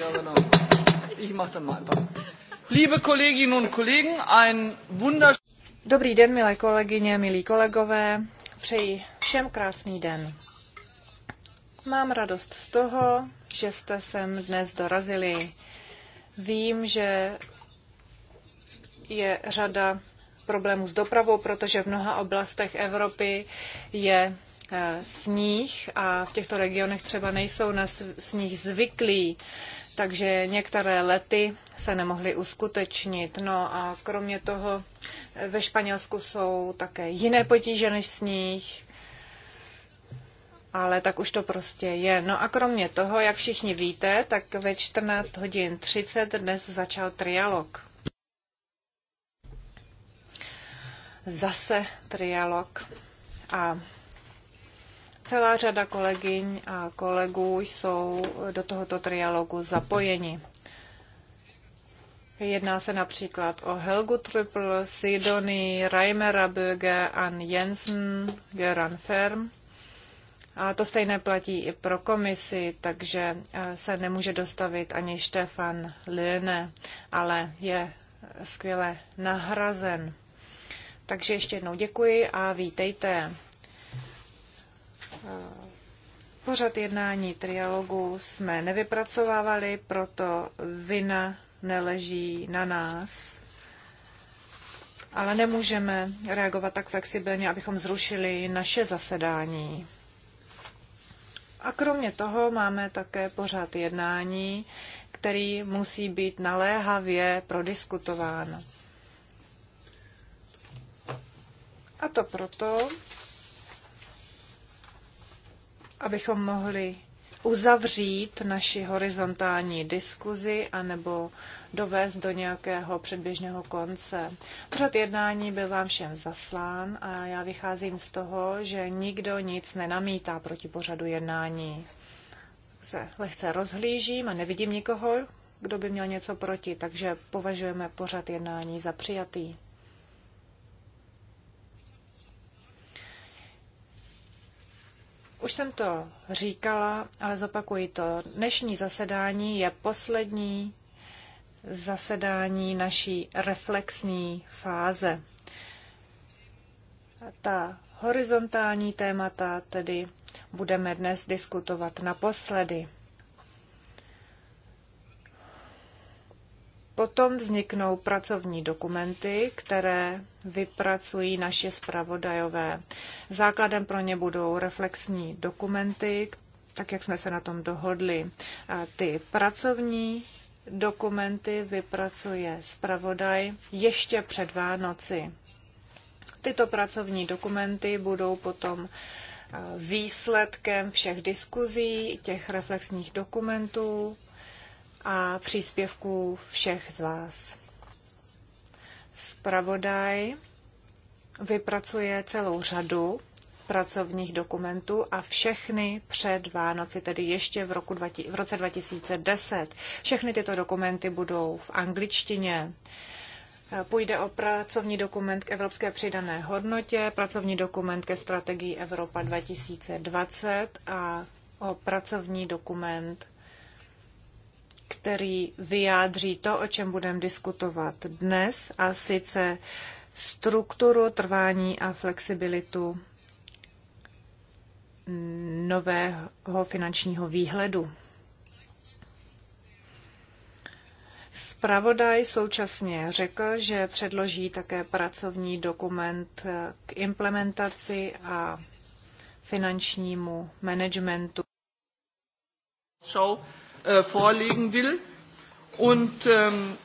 ja, genau. Ich mache dann mal Liebe Kolleginnen und Kollegen, ein Dobrý den, milé kolegyně, milí kolegové. Přeji všem krásný den. Mám radost z toho, že jste sem dnes dorazili. Vím, že je řada problémů s dopravou, protože v mnoha oblastech Evropy je eh, sníh a v těchto regionech třeba nejsou na sníh zvyklí takže některé lety se nemohly uskutečnit. No a kromě toho ve Španělsku jsou také jiné potíže než sníh, ale tak už to prostě je. No a kromě toho, jak všichni víte, tak ve 14 hodin 30 dnes začal trialog. Zase trialog. A Celá řada kolegyň a kolegů jsou do tohoto trialogu zapojeni. Jedná se například o Helgu Triple, Sidony, Reimera Böge, Ann Jensen, Göran Ferm. A to stejné platí i pro komisi, takže eh, se nemůže dostavit ani Stefan Lilne, ale je skvěle nahrazen. Takže ještě jednou děkuji a vítejte. Pořad jednání trialogu jsme nevypracovávali, proto vina neleží na nás, ale nemůžeme reagovat tak flexibilně, abychom zrušili naše zasedání. A kromě toho máme také pořád jednání, který musí být naléhavě prodiskutován. A to proto, abychom mohli uzavřít naši horizontální diskuzi anebo dovést do nějakého předběžného konce. Pořad jednání byl vám všem zaslán a já vycházím z toho, že nikdo nic nenamítá proti pořadu jednání. Se lehce rozhlížím a nevidím nikoho, kdo by měl něco proti, takže považujeme pořad jednání za přijatý. Už jsem to říkala, ale zopakuji to. Dnešní zasedání je poslední zasedání naší reflexní fáze. Ta horizontální témata tedy budeme dnes diskutovat naposledy. Potom vzniknou pracovní dokumenty, které vypracují naše zpravodajové. Základem pro ně budou reflexní dokumenty, tak jak jsme se na tom dohodli. A ty pracovní dokumenty vypracuje zpravodaj ještě před Vánoci. Tyto pracovní dokumenty budou potom výsledkem všech diskuzí, těch reflexních dokumentů, a příspěvků všech z vás. Spravodaj vypracuje celou řadu pracovních dokumentů a všechny před Vánoci, tedy ještě v, roku 20, v roce 2010. Všechny tyto dokumenty budou v angličtině. Půjde o pracovní dokument k evropské přidané hodnotě, pracovní dokument ke strategii Evropa 2020 a o pracovní dokument který vyjádří to, o čem budeme diskutovat dnes, a sice strukturu, trvání a flexibilitu nového finančního výhledu. Spravodaj současně řekl, že předloží také pracovní dokument k implementaci a finančnímu managementu. So, Äh, vorlegen will. Und ähm,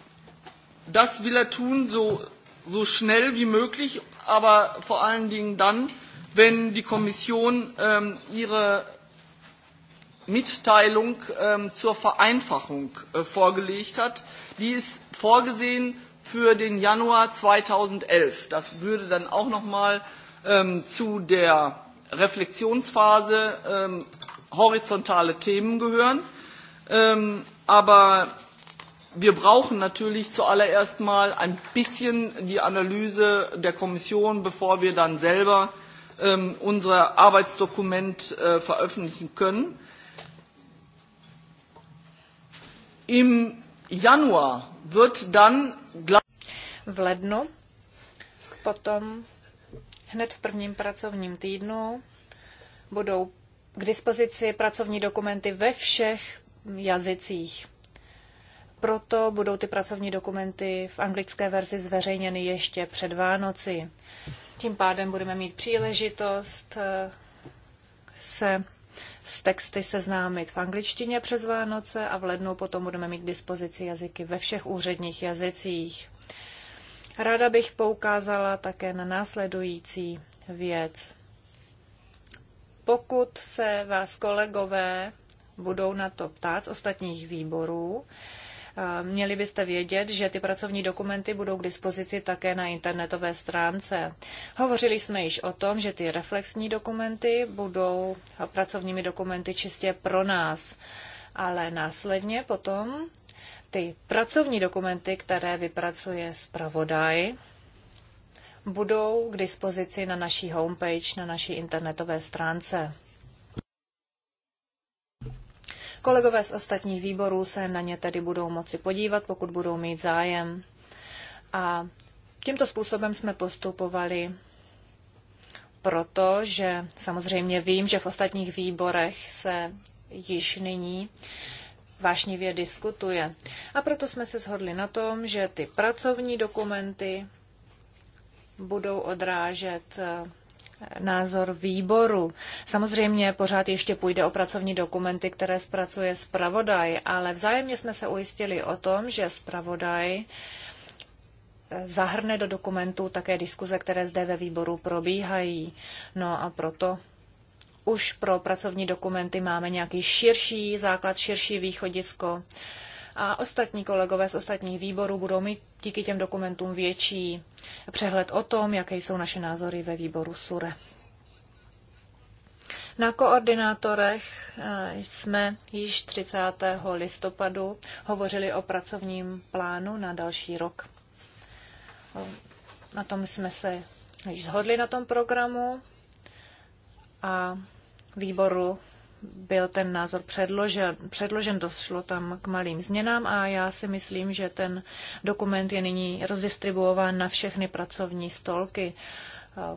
das will er tun, so, so schnell wie möglich, aber vor allen Dingen dann, wenn die Kommission ähm, ihre Mitteilung ähm, zur Vereinfachung äh, vorgelegt hat. Die ist vorgesehen für den Januar 2011. Das würde dann auch noch mal ähm, zu der Reflexionsphase ähm, horizontale Themen gehören. Ähm, aber wir brauchen natürlich zuallererst mal ein bisschen die Analyse der Kommission, bevor wir dann selber ähm, unser Arbeitsdokument äh, veröffentlichen können. Im Januar wird dann v lednu, potom hned v prvním pracovním týdnu budou k dispozici pracovní dokumenty ve všech jazycích. Proto budou ty pracovní dokumenty v anglické verzi zveřejněny ještě před Vánoci. Tím pádem budeme mít příležitost eh, se s texty seznámit v angličtině přes Vánoce a v lednu potom budeme mít k dispozici jazyky ve všech úředních jazycích. Ráda bych poukázala také na následující věc. Pokud se vás kolegové budou na to ptát z ostatních výborů. Eh, měli byste vědět, že ty pracovní dokumenty budou k dispozici také na internetové stránce. Hovořili jsme již o tom, že ty reflexní dokumenty budou pracovními dokumenty čistě pro nás, ale následně potom ty pracovní dokumenty, které vypracuje zpravodaj, budou k dispozici na naší homepage, na naší internetové stránce. Kolegové z ostatních výborů se na ně tedy budou moci podívat, pokud budou mít zájem. A tímto způsobem jsme postupovali protože samozřejmě vím, že v ostatních výborech se již nyní vášnivě diskutuje. A proto jsme se shodli na tom, že ty pracovní dokumenty budou odrážet názor výboru. Samozřejmě pořád ještě půjde o pracovní dokumenty, které zpracuje zpravodaj, ale vzájemně jsme se ujistili o tom, že zpravodaj eh, zahrne do dokumentu také diskuze, které zde ve výboru probíhají. No a proto už pro pracovní dokumenty máme nějaký širší základ, širší východisko a ostatní kolegové z ostatních výborů budou mít díky těm dokumentům větší přehled o tom, jaké jsou naše názory ve výboru SURE. Na koordinátorech eh, jsme již 30. listopadu hovořili o pracovním plánu na další rok. Eh, na tom jsme se již shodli na tom programu a výboru byl ten názor předložen, předložen, došlo tam k malým změnám a já si myslím, že ten dokument je nyní rozdistribuován na všechny pracovní stolky.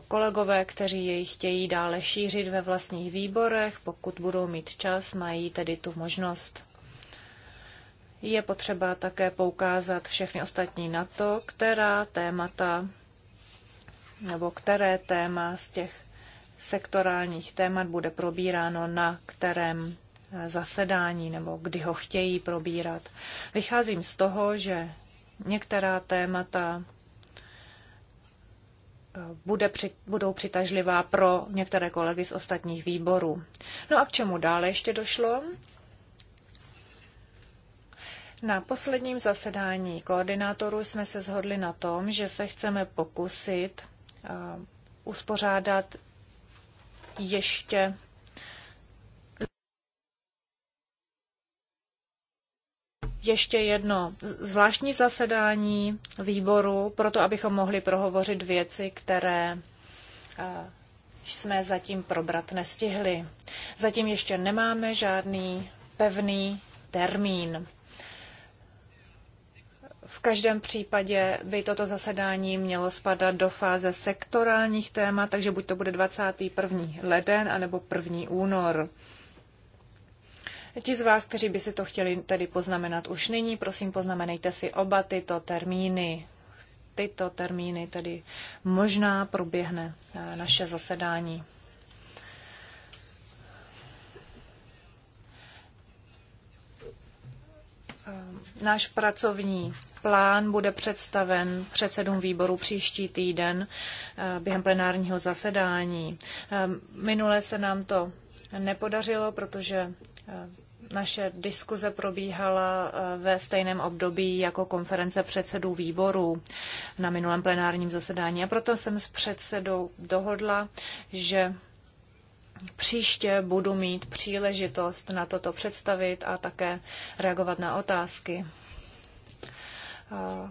Kolegové, kteří jej chtějí dále šířit ve vlastních výborech, pokud budou mít čas, mají tedy tu možnost. Je potřeba také poukázat všechny ostatní na to, která témata nebo které téma z těch sektorálních témat bude probíráno na kterém eh, zasedání nebo kdy ho chtějí probírat. Vycházím z toho, že některá témata eh, bude při, budou přitažlivá pro některé kolegy z ostatních výborů. No a k čemu dále ještě došlo? Na posledním zasedání koordinátorů jsme se shodli na tom, že se chceme pokusit eh, uspořádat ještě ještě jedno zvláštní zasedání výboru, proto abychom mohli prohovořit věci, které eh, jsme zatím probrat nestihli. Zatím ještě nemáme žádný pevný termín. V každém případě by toto zasedání mělo spadat do fáze sektorálních témat, takže buď to bude 21. leden, anebo 1. únor. Ti z vás, kteří by si to chtěli tedy poznamenat už nyní, prosím poznamenejte si oba tyto termíny. Tyto termíny tedy možná proběhne eh, naše zasedání. Náš pracovní plán bude představen předsedům výboru příští týden eh, během plenárního zasedání. Eh, minule se nám to nepodařilo, protože eh, naše diskuze probíhala ve stejném období jako konference předsedů výboru na minulém plenárním zasedání. A proto jsem s předsedou dohodla, že Příště budu mít příležitost na toto představit a také reagovat na otázky. Eh,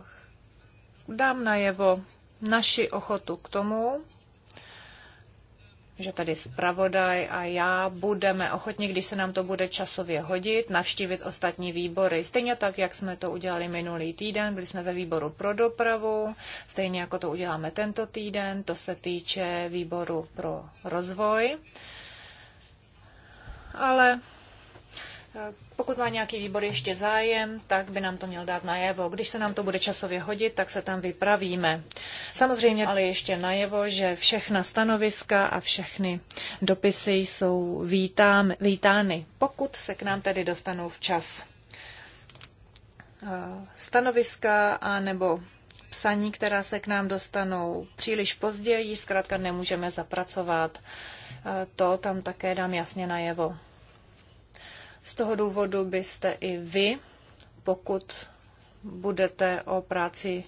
dám najevo naši ochotu k tomu, že tady zpravodaj a já budeme ochotni, když se nám to bude časově hodit, navštívit ostatní výbory. Stejně tak, jak jsme to udělali minulý týden, byli jsme ve výboru pro dopravu, stejně jako to uděláme tento týden, to se týče výboru pro rozvoj ale eh, pokud má nějaký výbor ještě zájem, tak by nám to měl dát najevo. Když se nám to bude časově hodit, tak se tam vypravíme. Samozřejmě ale ještě najevo, že všechna stanoviska a všechny dopisy jsou vítám, vítány, pokud se k nám tedy dostanou včas. Eh, stanoviska a nebo psaní, která se k nám dostanou příliš pozdě, zkrátka nemůžeme zapracovat. Eh, to tam také dám jasně najevo. Z toho důvodu byste i vy, pokud budete o práci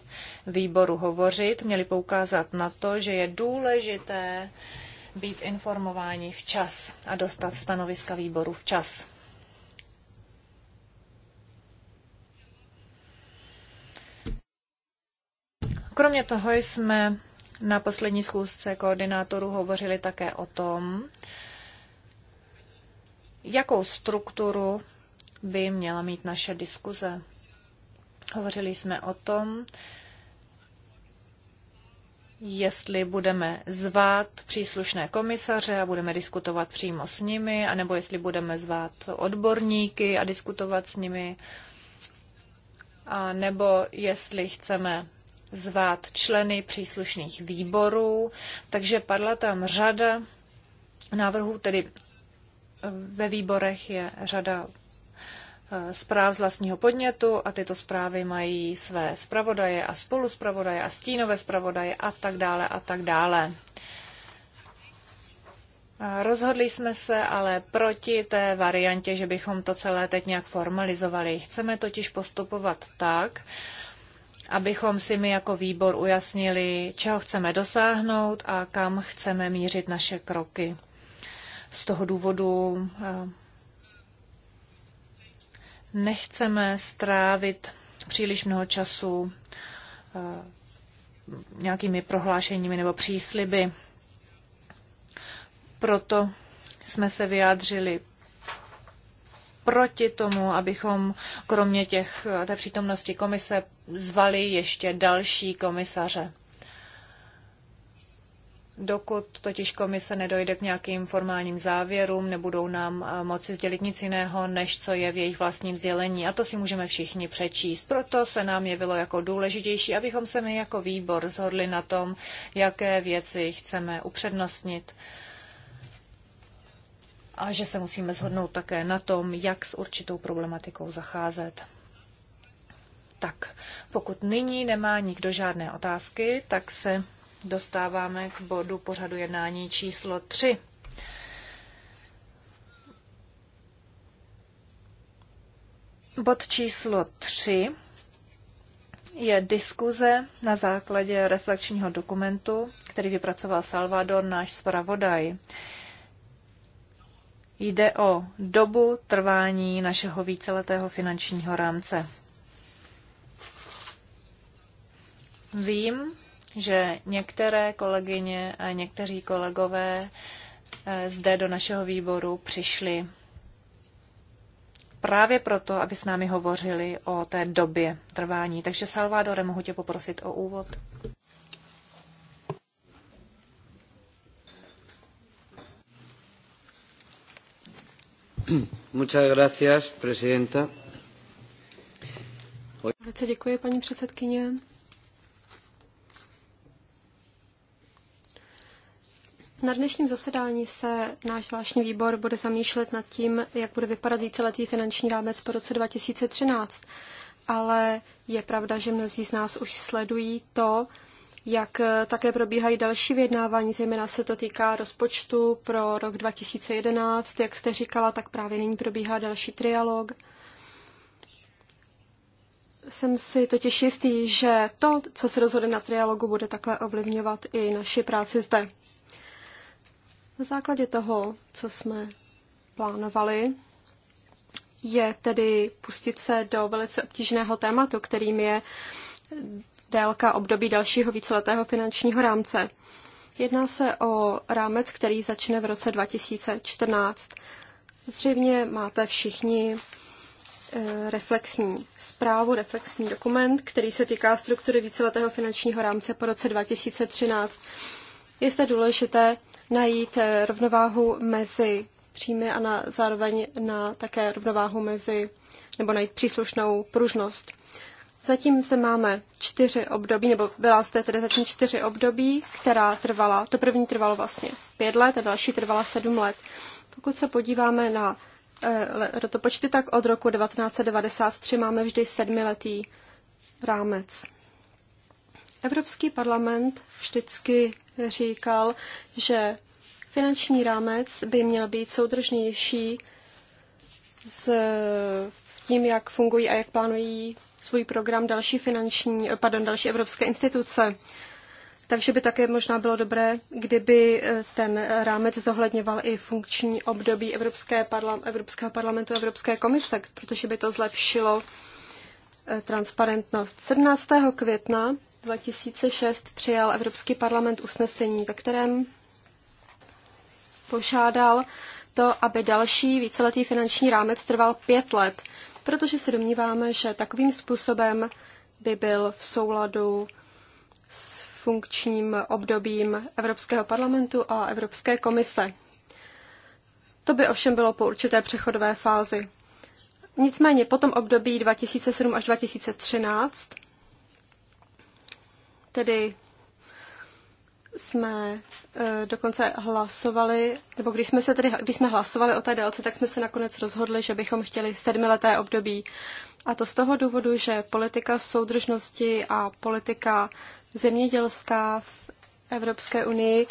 výboru hovořit, měli poukázat na to, že je důležité být informováni včas a dostat stanoviska výboru včas. Kromě toho jsme na poslední schůzce koordinátorů hovořili také o tom, jakou strukturu by měla mít naše diskuze. Hovořili jsme o tom, jestli budeme zvát příslušné komisaře a budeme diskutovat přímo s nimi, anebo jestli budeme zvát odborníky a diskutovat s nimi, a nebo jestli chceme zvát členy příslušných výborů. Takže padla tam řada návrhů, tedy ve výborech je řada eh, zpráv z vlastního podnětu a tyto zprávy mají své zpravodaje a spoluzpravodaje a stínové zpravodaje a tak dále a tak dále. Rozhodli jsme se ale proti té variantě, že bychom to celé teď nějak formalizovali. Chceme totiž postupovat tak, abychom si my jako výbor ujasnili, čeho chceme dosáhnout a kam chceme mířit naše kroky. Z toho důvodu eh, nechceme strávit příliš mnoho času eh, nějakými prohlášeními nebo přísliby. Proto jsme se vyjádřili proti tomu, abychom kromě těch, té přítomnosti komise zvali ještě další komisaře. Dokud totiž komise nedojde k nějakým formálním závěrům, nebudou nám eh, moci sdělit nic jiného, než co je v jejich vlastním sdělení. A to si můžeme všichni přečíst. Proto se nám jevilo jako důležitější, abychom se my jako výbor zhodli na tom, jaké věci chceme upřednostnit. A že se musíme shodnout také na tom, jak s určitou problematikou zacházet. Tak, pokud nyní nemá nikdo žádné otázky, tak se dostáváme k bodu pořadu jednání číslo 3. Bod číslo 3 je diskuze na základě reflekčního dokumentu, který vypracoval Salvador, náš zpravodaj. Jde o dobu trvání našeho víceletého finančního rámce. Vím, že některé kolegyně a někteří kolegové eh, zde do našeho výboru přišli právě proto, aby s námi hovořili o té době trvání. Takže Salvadore, mohu tě poprosit o úvod. Muchas gracias, presidenta. Velice děkuji, paní předsedkyně. Na dnešním zasedání se náš zvláštní výbor bude zamýšlet nad tím, jak bude vypadat víceletý finanční rámec po roce 2013. Ale je pravda, že mnozí z nás už sledují to, jak také probíhají další vyjednávání, zejména se to týká rozpočtu pro rok 2011. Jak jste říkala, tak právě nyní probíhá další trialog. Jsem si totiž jistý, že to, co se rozhodne na trialogu, bude takhle ovlivňovat i naši práci zde. Na základě toho, co jsme plánovali, je tedy pustit se do velice obtížného tématu, kterým je délka období dalšího víceletého finančního rámce. Jedná se o rámec, který začne v roce 2014. Zřejmě máte všichni eh, reflexní zprávu, reflexní dokument, který se týká struktury víceletého finančního rámce po roce 2013. Je zde důležité najít eh, rovnováhu mezi příjmy a na, zároveň na také rovnováhu mezi, nebo najít příslušnou pružnost. Zatím se máme čtyři období, nebo byla zde tedy zatím čtyři období, která trvala, to první trvalo vlastně pět let a další trvala sedm let. Pokud se podíváme na eh, e, to počty, tak od roku 1993 máme vždy sedmiletý rámec. Evropský parlament vždycky říkal, že finanční rámec by měl být soudržnější s tím, jak fungují a jak plánují svůj program další finanční, pardon, další evropské instituce. Takže by také možná bylo dobré, kdyby eh, ten rámec zohledňoval i funkční období Evropské parla- Evropského parlamentu a Evropské komise, protože by to zlepšilo Eh, transparentnost. 17. května 2006 přijal Evropský parlament usnesení, ve kterém požádal to, aby další víceletý finanční rámec trval pět let, protože se domníváme, že takovým způsobem by byl v souladu s funkčním obdobím Evropského parlamentu a Evropské komise. To by ovšem bylo po určité přechodové fázi. Nicméně po tom období 2007 až 2013, tedy jsme e, dokonce hlasovali, nebo když jsme, se tedy, když jsme hlasovali o té délce, tak jsme se nakonec rozhodli, že bychom chtěli sedmileté období. A to z toho důvodu, že politika soudržnosti a politika zemědělská v Evropské unii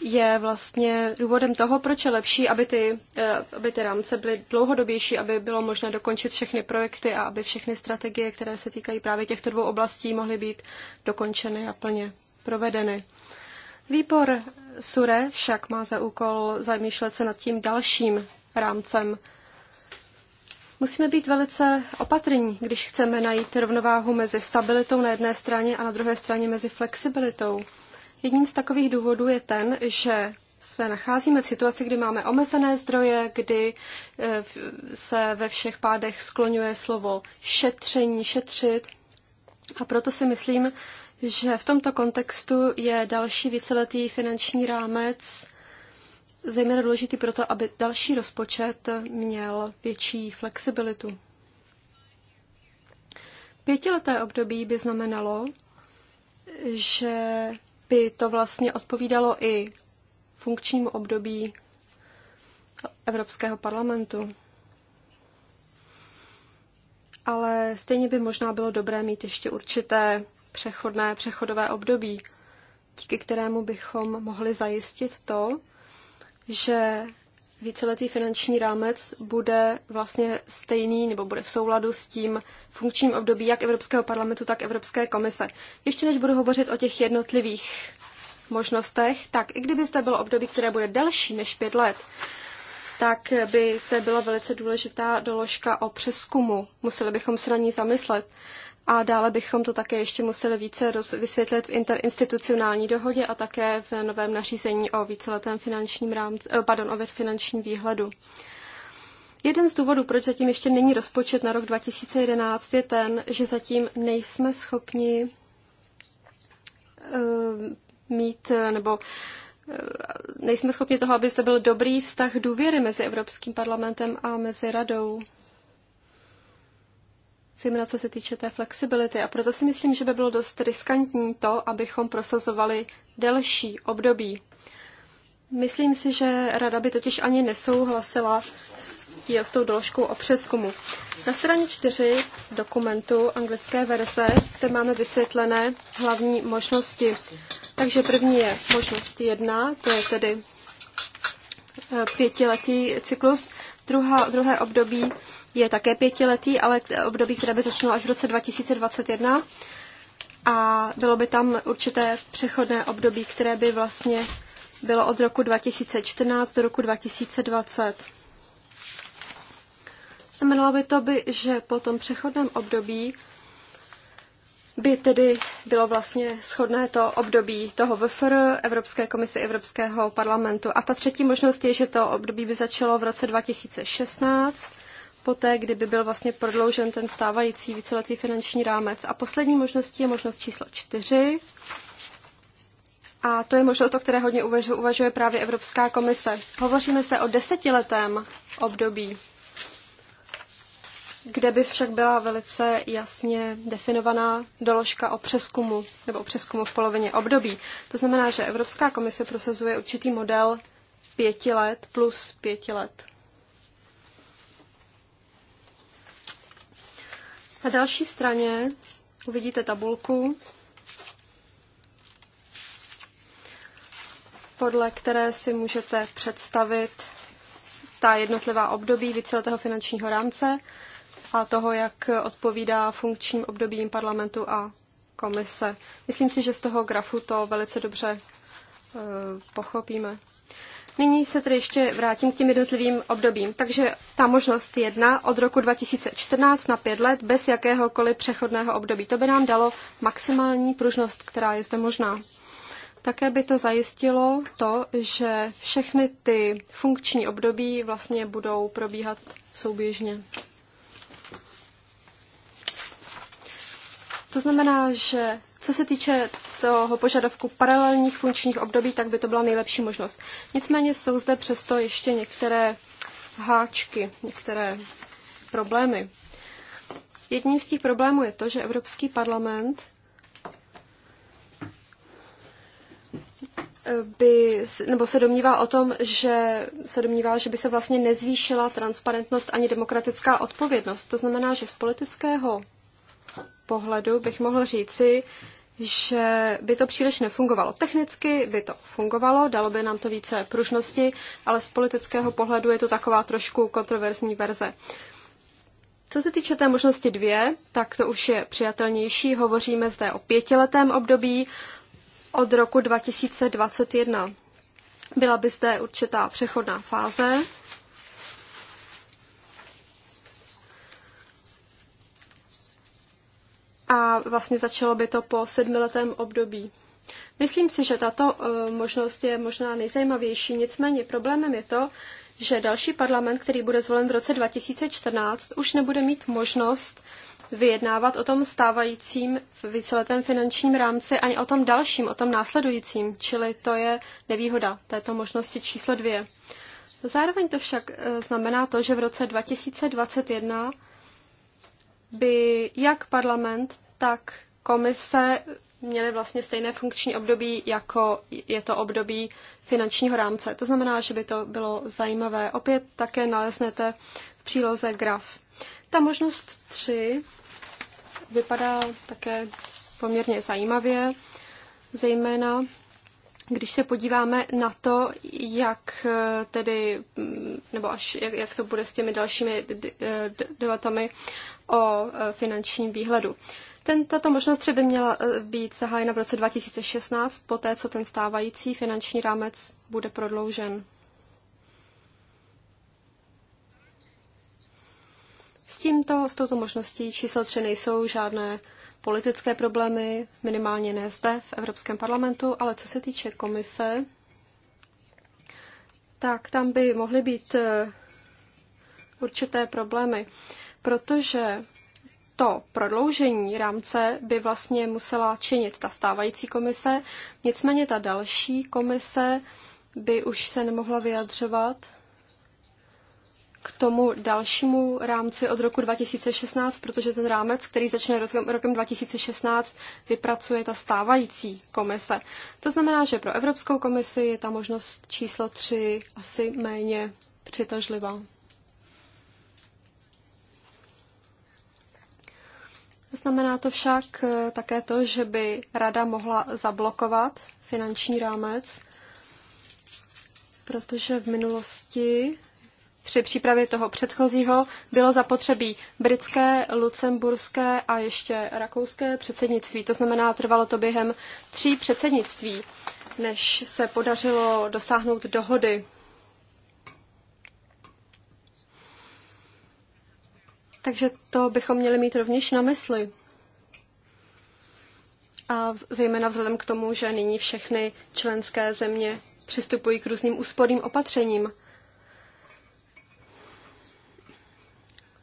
je vlastně důvodem toho, proč je lepší, aby ty, eh, aby ty rámce byly dlouhodobější, aby bylo možné dokončit všechny projekty a aby všechny strategie, které se týkají právě těchto dvou oblastí, mohly být dokončeny a plně provedeny. Výbor SURE však má za úkol zamýšlet se nad tím dalším rámcem. Musíme být velice opatrní, když chceme najít rovnováhu mezi stabilitou na jedné straně a na druhé straně mezi flexibilitou. Jedním z takových důvodů je ten, že se nacházíme v situaci, kdy máme omezené zdroje, kdy eh, se ve všech pádech skloňuje slovo šetření, šetřit. A proto si myslím, že v tomto kontextu je další víceletý finanční rámec zejména důležitý proto, aby další rozpočet měl větší flexibilitu. Pětileté období by znamenalo, že by to vlastně odpovídalo i funkčnímu období Evropského parlamentu. Ale stejně by možná bylo dobré mít ještě určité přechodné, přechodové období, díky kterému bychom mohli zajistit to, že víceletý finanční rámec bude vlastně stejný nebo bude v souladu s tím funkčním období jak Evropského parlamentu, tak Evropské komise. Ještě než budu hovořit o těch jednotlivých možnostech, tak i kdyby zde bylo období, které bude delší než pět let, tak by zde byla velice důležitá doložka o přeskumu. Museli bychom se na ní zamyslet. A dále bychom to také ještě museli více roz, vysvětlit v interinstitucionální dohodě a také v novém nařízení o víceletém finančním rámci, eh, pardon, o finančním výhledu. Jeden z důvodů, proč zatím ještě není rozpočet na rok 2011, je ten, že zatím nejsme schopni eh, mít eh, nebo nejsme schopni toho, aby zde byl dobrý vztah důvěry mezi Evropským parlamentem a mezi radou zejména co se týče té flexibility. A proto si myslím, že by bylo dost riskantní to, abychom prosazovali delší období. Myslím si, že rada by totiž ani nesouhlasila s, tí, s tou doložkou o přeskumu. Na straně 4 dokumentu anglické verze zde máme vysvětlené hlavní možnosti. Takže první je možnost jedna, to je tedy eh, pětiletý cyklus. Druhá, druhé období je také pětiletý, ale období, které by začalo až v roce 2021. A bylo by tam určité přechodné období, které by vlastně bylo od roku 2014 do roku 2020. Znamenalo by to, by, že po tom přechodném období by tedy bylo vlastně shodné to období toho VFR, Evropské komise, Evropského parlamentu. A ta třetí možnost je, že to období by začalo v roce 2016 poté, kdyby byl vlastně prodloužen ten stávající víceletý finanční rámec. A poslední možností je možnost číslo čtyři. A to je možnost, o které hodně uvažuje právě Evropská komise. Hovoříme se o desetiletém období, kde by však byla velice jasně definovaná doložka o přeskumu nebo o přeskumu v polovině období. To znamená, že Evropská komise prosazuje určitý model pěti let plus pěti let. Na další straně uvidíte tabulku, podle které si můžete představit ta jednotlivá období víceletého finančního rámce a toho, jak odpovídá funkčním obdobím parlamentu a komise. Myslím si, že z toho grafu to velice dobře eh, pochopíme. Nyní se tedy ještě vrátím k těm jednotlivým obdobím. Takže ta možnost jedna od roku 2014 na pět let bez jakéhokoliv přechodného období. To by nám dalo maximální pružnost, která je zde možná. Také by to zajistilo to, že všechny ty funkční období vlastně budou probíhat souběžně. To znamená, že co se týče toho požadavku paralelních funkčních období, tak by to byla nejlepší možnost. Nicméně jsou zde přesto ještě některé háčky, některé problémy. Jedním z těch problémů je to, že Evropský parlament by, nebo se domnívá o tom, že se domnívá, že by se vlastně nezvýšila transparentnost ani demokratická odpovědnost. To znamená, že z politického pohledu bych mohl říci, že by to příliš nefungovalo. Technicky by to fungovalo, dalo by nám to více pružnosti, ale z politického pohledu je to taková trošku kontroverzní verze. Co se týče té možnosti dvě, tak to už je přijatelnější. Hovoříme zde o pětiletém období od roku 2021. Byla by zde určitá přechodná fáze, a vlastně začalo by to po sedmiletém období. Myslím si, že tato eh, možnost je možná nejzajímavější, nicméně problémem je to, že další parlament, který bude zvolen v roce 2014, už nebude mít možnost vyjednávat o tom stávajícím v víceletém finančním rámci ani o tom dalším, o tom následujícím, čili to je nevýhoda této možnosti číslo dvě. Zároveň to však eh, znamená to, že v roce 2021 by jak parlament, tak komise měly vlastně stejné funkční období, jako je to období finančního rámce. To znamená, že by to bylo zajímavé. Opět také naleznete v příloze graf. Ta možnost 3 vypadá také poměrně zajímavě, zejména když se podíváme na to, jak tedy, nebo až jak, jak to bude s těmi dalšími debatami o e, finančním výhledu. Ten, tato možnost třeba měla e, být zahájena v roce 2016, poté co ten stávající finanční rámec bude prodloužen. S tímto, s touto možností číslo 3 nejsou žádné politické problémy, minimálně ne zde v Evropském parlamentu, ale co se týče komise, tak tam by mohly být e, určité problémy protože to prodloužení rámce by vlastně musela činit ta stávající komise, nicméně ta další komise by už se nemohla vyjadřovat k tomu dalšímu rámci od roku 2016, protože ten rámec, který začne rokem 2016, vypracuje ta stávající komise. To znamená, že pro Evropskou komisi je ta možnost číslo 3 asi méně přitažlivá. Znamená to však eh, také to, že by rada mohla zablokovat finanční rámec, protože v minulosti při přípravě toho předchozího bylo zapotřebí britské, lucemburské a ještě rakouské předsednictví. To znamená, trvalo to během tří předsednictví, než se podařilo dosáhnout dohody Takže to bychom měli mít rovněž na mysli. A zejména vzhledem k tomu, že nyní všechny členské země přistupují k různým úsporným opatřením.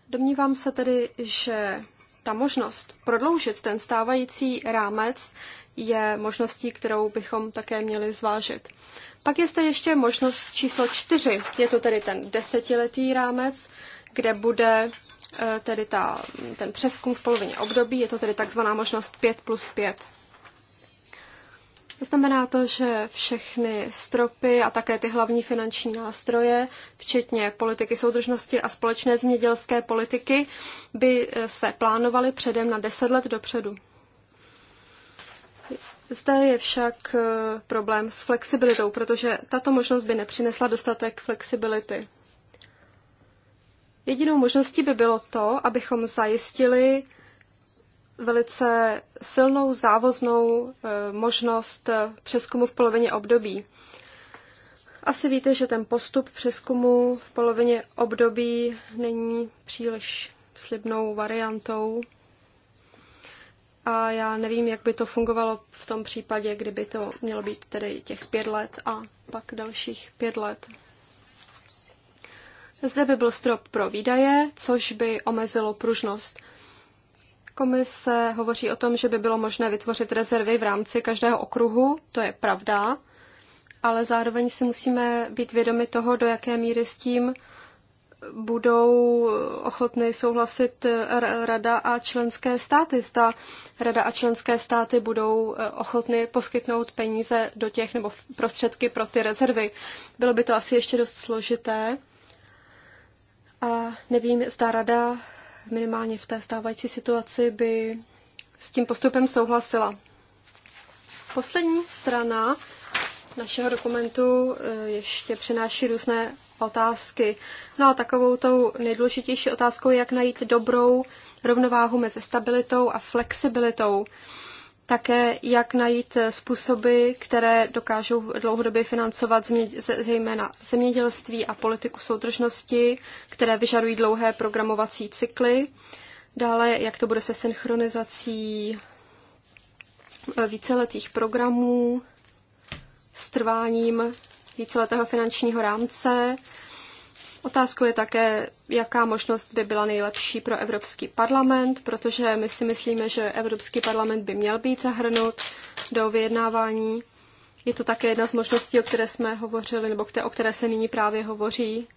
Domnívám se tedy, že ta možnost prodloužit ten stávající rámec je možností, kterou bychom také měli zvážit. Pak je zde ještě možnost číslo čtyři. Je to tedy ten desetiletý rámec, kde bude Eh, tedy ta, ten přeskum v polovině období, je to tedy takzvaná možnost 5 plus 5. Znamená to, že všechny stropy a také ty hlavní finanční nástroje, včetně politiky soudržnosti a společné zemědělské politiky, by eh, se plánovaly předem na 10 let dopředu. Zde je však eh, problém s flexibilitou, protože tato možnost by nepřinesla dostatek flexibility. Jedinou možností by bylo to, abychom zajistili velice silnou závoznou e, možnost e, přeskumu v polovině období. Asi víte, že ten postup přeskumu v polovině období není příliš slibnou variantou. A já nevím, jak by to fungovalo v tom případě, kdyby to mělo být tedy těch pět let a pak dalších pět let. Zde by byl strop pro výdaje, což by omezilo pružnost. Komise hovoří o tom, že by bylo možné vytvořit rezervy v rámci každého okruhu, to je pravda, ale zároveň si musíme být vědomi toho, do jaké míry s tím budou ochotny souhlasit Rada a členské státy. Zda Rada a členské státy budou eh, ochotny poskytnout peníze do těch nebo prostředky pro ty rezervy. Bylo by to asi ještě dost složité. A nevím, zda rada minimálně v té stávající situaci by s tím postupem souhlasila. Poslední strana našeho dokumentu eh, ještě přináší různé otázky. No a takovou tou nejdůležitější otázkou je, jak najít dobrou rovnováhu mezi stabilitou a flexibilitou také jak najít způsoby, které dokážou dlouhodobě financovat zejména zemědělství a politiku soudržnosti, které vyžadují dlouhé programovací cykly. Dále, jak to bude se synchronizací eh, víceletých programů, s trváním víceletého finančního rámce, Otázkou je také, jaká možnost by byla nejlepší pro Evropský parlament, protože my si myslíme, že Evropský parlament by měl být zahrnut do vyjednávání. Je to také jedna z možností, o které jsme hovořili, nebo o které se nyní právě hovoří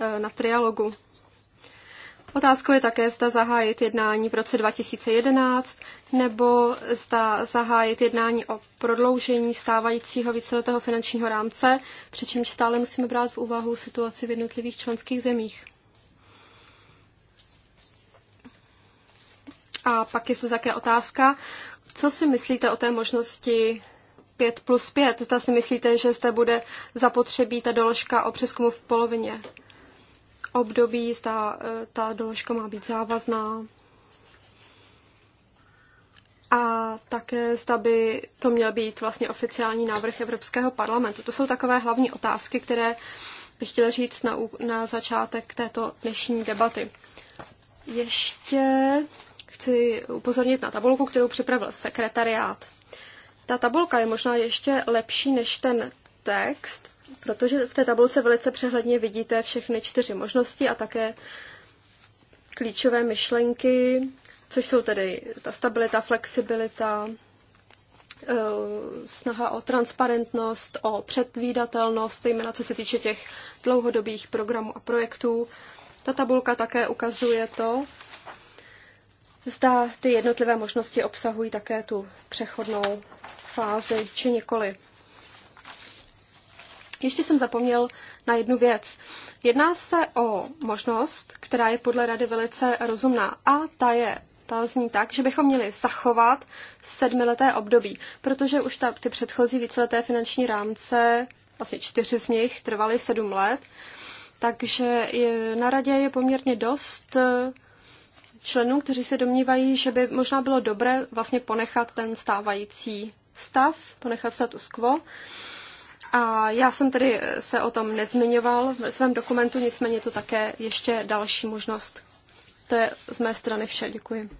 eh, na trialogu. Otázkou je také, zda zahájit jednání v roce 2011 nebo zda zahájit jednání o prodloužení stávajícího víceletého finančního rámce, přičemž stále musíme brát v úvahu situaci v jednotlivých členských zemích. A pak je zde také otázka, co si myslíte o té možnosti 5 plus 5? Zda si myslíte, že zde bude zapotřebí ta doložka o přeskumu v polovině období, zda e, ta doložka má být závazná a také zda by to měl být vlastně oficiální návrh Evropského parlamentu. To jsou takové hlavní otázky, které bych chtěla říct na, na začátek této dnešní debaty. Ještě chci upozornit na tabulku, kterou připravil sekretariát. Ta tabulka je možná ještě lepší než ten text, protože v té tabulce velice přehledně vidíte všechny čtyři možnosti a také klíčové myšlenky, což jsou tedy ta stabilita, flexibilita, eh, snaha o transparentnost, o předvídatelnost, zejména co se týče těch dlouhodobých programů a projektů. Ta tabulka také ukazuje to, zda ty jednotlivé možnosti obsahují také tu přechodnou fázi či nikoli. Ještě jsem zapomněl na jednu věc. Jedná se o možnost, která je podle rady velice rozumná a ta je ta zní tak, že bychom měli zachovat sedmileté období, protože už ta, ty předchozí víceleté finanční rámce, vlastně čtyři z nich, trvaly sedm let, takže je, na radě je poměrně dost eh, členů, kteří se domnívají, že by možná bylo dobré vlastně ponechat ten stávající stav, ponechat status quo. A já jsem tedy se o tom nezmiňoval ve svém dokumentu, nicméně to také ještě další možnost. To je z mé strany vše, děkuji.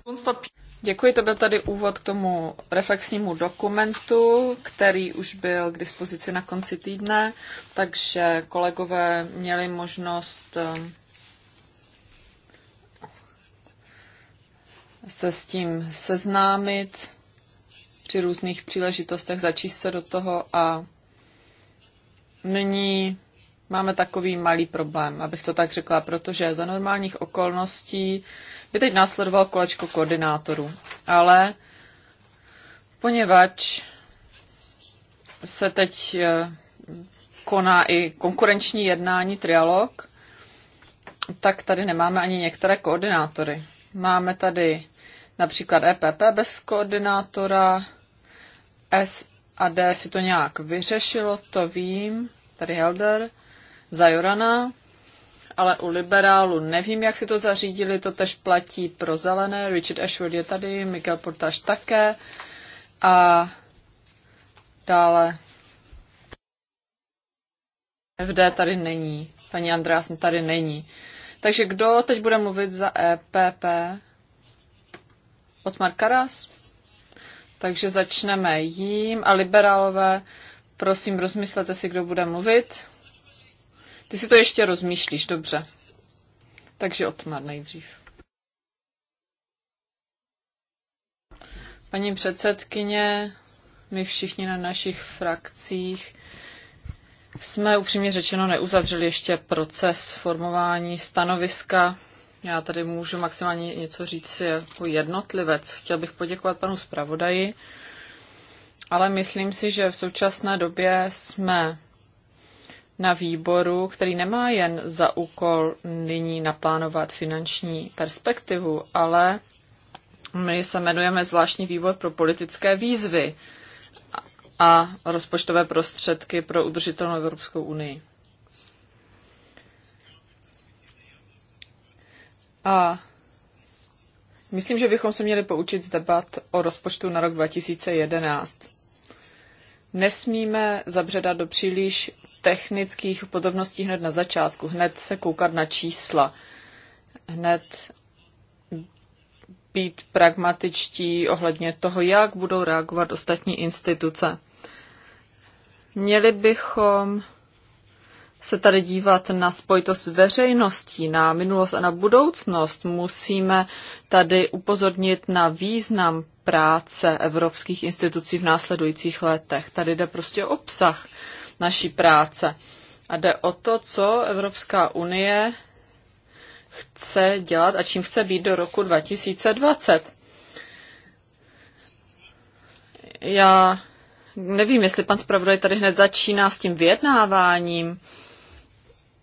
Děkuji, to byl tady úvod k tomu reflexnímu dokumentu, který už byl k dispozici na konci týdne, takže kolegové měli možnost um, se s tím seznámit při různých příležitostech, začíst se do toho a Nyní máme takový malý problém, abych to tak řekla, protože za normálních okolností by teď následoval kolečko koordinátorů. Ale poněvadž se teď eh, koná i konkurenční jednání trialog, tak tady nemáme ani některé koordinátory. Máme tady například EPP bez koordinátora, S a D si to nějak vyřešilo, to vím tady Helder, za Jorana, ale u liberálu nevím, jak si to zařídili, to tež platí pro zelené, Richard Ashford je tady, Michael Portáž také a dále FD tady není, paní Andreasen tady není. Takže kdo teď bude mluvit za EPP? Otmar Karas? Takže začneme jím a liberálové Prosím, rozmyslete si, kdo bude mluvit. Ty si to ještě rozmýšlíš, dobře. Takže Otmar nejdřív. Paní předsedkyně, my všichni na našich frakcích jsme upřímně řečeno neuzavřeli ještě proces formování stanoviska. Já tady můžu maximálně něco říct jako jednotlivec. Chtěl bych poděkovat panu zpravodaji ale myslím si, že v současné době jsme na výboru, který nemá jen za úkol nyní naplánovat finanční perspektivu, ale my se jmenujeme zvláštní výbor pro politické výzvy a rozpočtové prostředky pro udržitelnou Evropskou unii. A myslím, že bychom se měli poučit z debat o rozpočtu na rok 2011 nesmíme zabředat do příliš technických podobností hned na začátku, hned se koukat na čísla, hned být pragmatičtí ohledně toho, jak budou reagovat ostatní instituce. Měli bychom se tady dívat na spojitost s veřejností, na minulost a na budoucnost. Musíme tady upozornit na význam práce evropských institucí v následujících letech. Tady jde prostě o obsah naší práce. A jde o to, co Evropská unie chce dělat a čím chce být do roku 2020. Já nevím, jestli pan zpravodaj tady hned začíná s tím vyjednáváním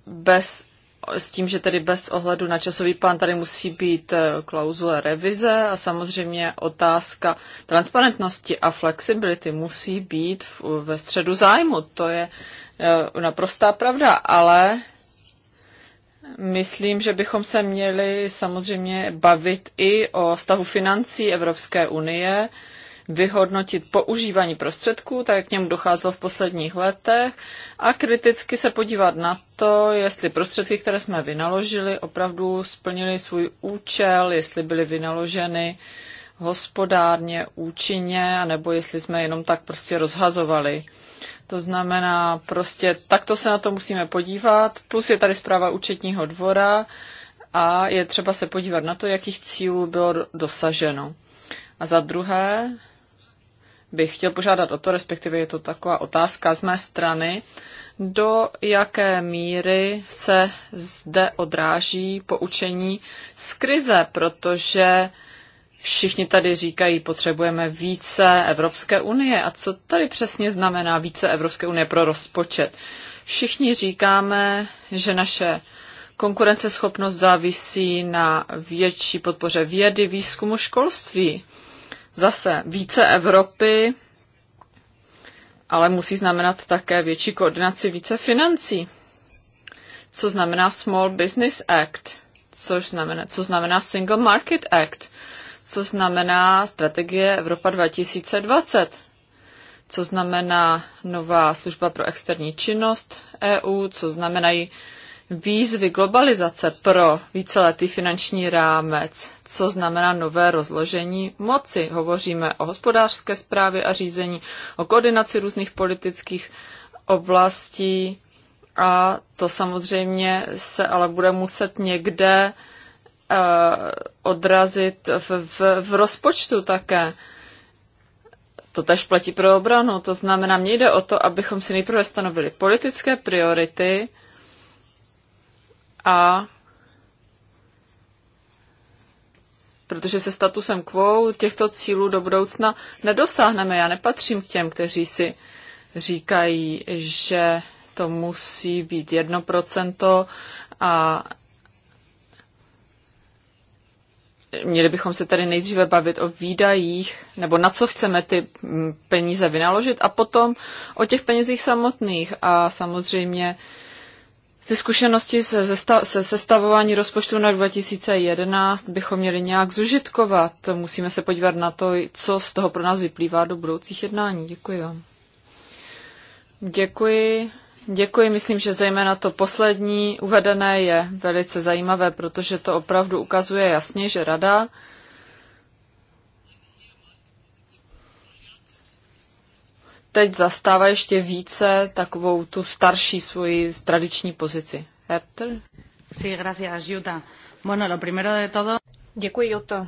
bez s tím, že tedy bez ohledu na časový plán tady musí být eh, klauzule revize a samozřejmě otázka transparentnosti a flexibility musí být ve středu zájmu. To je eh, naprostá pravda, ale myslím, že bychom se měli samozřejmě bavit i o stavu financí Evropské unie, vyhodnotit používání prostředků, tak jak k němu docházelo v posledních letech, a kriticky se podívat na to, jestli prostředky, které jsme vynaložili, opravdu splnily svůj účel, jestli byly vynaloženy hospodárně, účinně, anebo jestli jsme jenom tak prostě rozhazovali. To znamená, prostě takto se na to musíme podívat, plus je tady zpráva účetního dvora a je třeba se podívat na to, jakých cílů bylo dosaženo. A za druhé, bych chtěl požádat o to, respektive je to taková otázka z mé strany, do jaké míry se zde odráží poučení z krize, protože všichni tady říkají, potřebujeme více Evropské unie. A co tady přesně znamená více Evropské unie pro rozpočet? Všichni říkáme, že naše konkurenceschopnost závisí na větší podpoře vědy, výzkumu, školství. Zase více Evropy, ale musí znamenat také větší koordinaci více financí, co znamená Small Business Act, což znamená, co znamená Single Market Act, co znamená strategie Evropa 2020, co znamená nová služba pro externí činnost EU, co znamenají výzvy globalizace pro víceletý finanční rámec, co znamená nové rozložení moci. Hovoříme o hospodářské správě a řízení, o koordinaci různých politických oblastí a to samozřejmě se ale bude muset někde eh, odrazit v, v, v rozpočtu také. To tež platí pro obranu. To znamená, mně jde o to, abychom si nejprve stanovili politické priority, a protože se statusem quo těchto cílů do budoucna nedosáhneme. Já nepatřím k těm, kteří si říkají, že to musí být procento a měli bychom se tady nejdříve bavit o výdajích, nebo na co chceme ty peníze vynaložit a potom o těch penězích samotných. A samozřejmě ty zkušenosti se, se sestavování rozpočtu na 2011 bychom měli nějak zužitkovat. Musíme se podívat na to, co z toho pro nás vyplývá do budoucích jednání. Děkuji vám. Děkuji. Děkuji. Myslím, že zejména to poslední uvedené je velice zajímavé, protože to opravdu ukazuje jasně, že rada teď zastává ještě více takovou tu starší svoji tradiční pozici. Hertel? Sí, gracias, Jutta. Bueno, lo primero de todo... Děkuji, Jutta.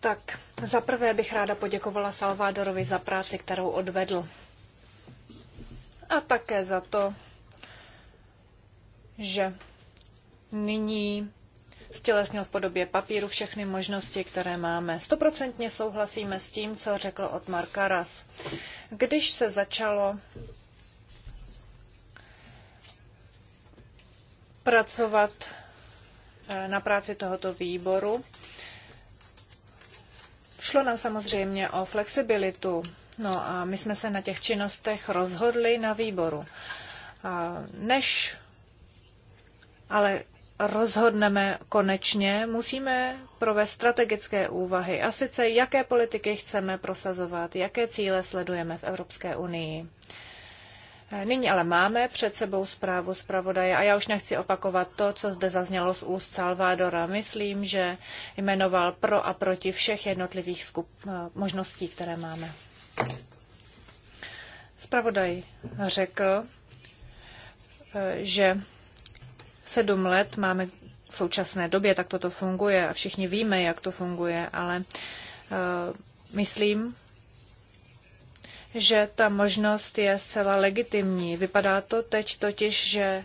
Tak, za prvé bych ráda poděkovala Salvadorovi za práci, kterou odvedl. A také za to, že nyní stělesnil v podobě papíru všechny možnosti, které máme. Stoprocentně souhlasíme s tím, co řekl Otmar Karas. Když se začalo pracovat eh, na práci tohoto výboru, šlo nám samozřejmě o flexibilitu. No a my jsme se na těch činnostech rozhodli na výboru. než ale rozhodneme konečně, musíme provést strategické úvahy. A sice, jaké politiky chceme prosazovat, jaké cíle sledujeme v Evropské unii. Nyní ale máme před sebou zprávu zpravodaje a já už nechci opakovat to, co zde zaznělo z úst Salvadora. Myslím, že jmenoval pro a proti všech jednotlivých skup, eh, možností, které máme. Zpravodaj řekl, eh, že Sedm let máme v současné době, tak toto funguje a všichni víme, jak to funguje, ale eh, myslím, že ta možnost je zcela legitimní. Vypadá to teď totiž, že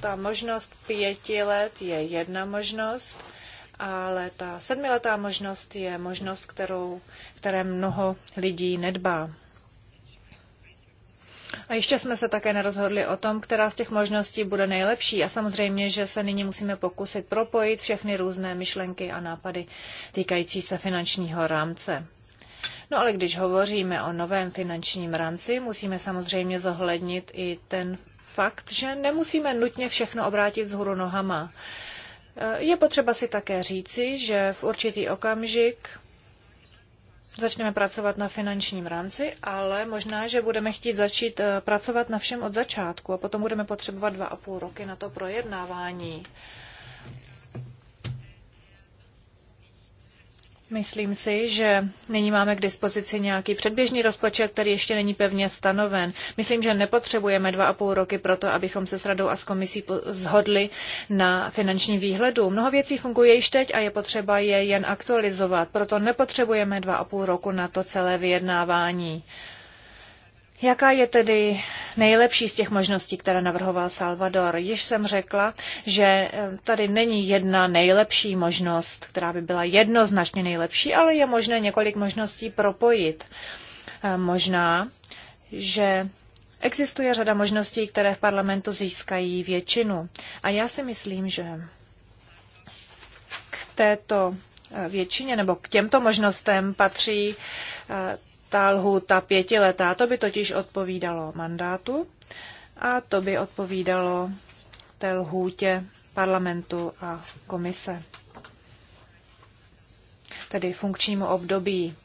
ta možnost pěti let je jedna možnost, ale ta sedmiletá možnost je možnost, kterou, které mnoho lidí nedbá. A ještě jsme se také nerozhodli o tom, která z těch možností bude nejlepší. A samozřejmě, že se nyní musíme pokusit propojit všechny různé myšlenky a nápady týkající se finančního rámce. No ale když hovoříme o novém finančním rámci, musíme samozřejmě zohlednit i ten fakt, že nemusíme nutně všechno obrátit vzhůru nohama. E, je potřeba si také říci, že v určitý okamžik začneme pracovat na finančním rámci, ale možná, že budeme chtít začít eh, pracovat na všem od začátku a potom budeme potřebovat dva a půl roky na to projednávání. Myslím si, že nyní máme k dispozici nějaký předběžný rozpočet, který ještě není pevně stanoven. Myslím, že nepotřebujeme dva a půl roky pro to, abychom se s radou a s komisí zhodli na finanční výhledu. Mnoho věcí funguje již teď a je potřeba je jen aktualizovat. Proto nepotřebujeme dva a půl roku na to celé vyjednávání. Jaká je tedy nejlepší z těch možností, které navrhoval Salvador? Již jsem řekla, že eh, tady není jedna nejlepší možnost, která by byla jednoznačně nejlepší, ale je možné několik možností propojit. Eh, možná, že existuje řada možností, které v parlamentu získají většinu. A já si myslím, že k této eh, většině nebo k těmto možnostem patří ta lhůta pětiletá. To by totiž odpovídalo mandátu a to by odpovídalo té lhůtě parlamentu a komise, tedy funkčnímu období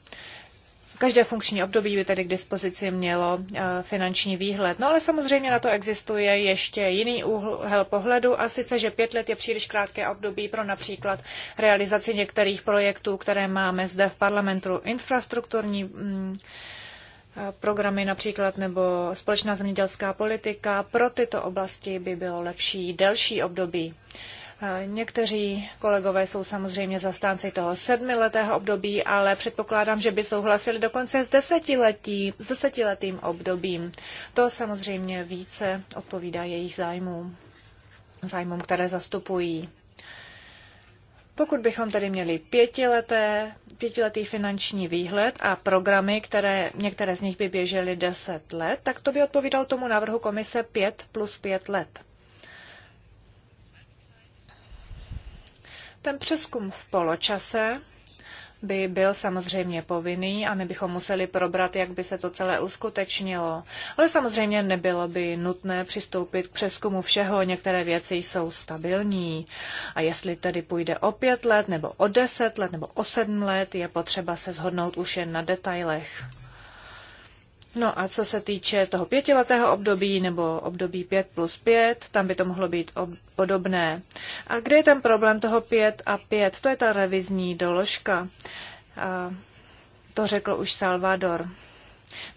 Každé funkční období by tedy k dispozici mělo eh, finanční výhled. No ale samozřejmě na to existuje ještě jiný úhel pohledu a sice, že pět let je příliš krátké období pro například realizaci některých projektů, které máme zde v parlamentu, infrastrukturní mm, eh, programy například nebo společná zemědělská politika. Pro tyto oblasti by bylo lepší delší období. Někteří kolegové jsou samozřejmě zastánci toho sedmiletého období, ale předpokládám, že by souhlasili dokonce s, desetiletí, s desetiletým obdobím. To samozřejmě více odpovídá jejich zájmům, zájmům, které zastupují. Pokud bychom tedy měli pětileté, pětiletý finanční výhled a programy, které některé z nich by běžely 10 let, tak to by odpovídalo tomu návrhu komise 5 plus 5 let. Ten přeskum v poločase by byl samozřejmě povinný a my bychom museli probrat, jak by se to celé uskutečnilo. Ale samozřejmě nebylo by nutné přistoupit k přeskumu všeho, některé věci jsou stabilní. A jestli tedy půjde o pět let, nebo o deset let, nebo o sedm let, je potřeba se shodnout už jen na detailech. No a co se týče toho pětiletého období nebo období 5 plus 5, tam by to mohlo být podobné. A kde je ten problém toho 5 a 5? To je ta revizní doložka. A to řekl už Salvador.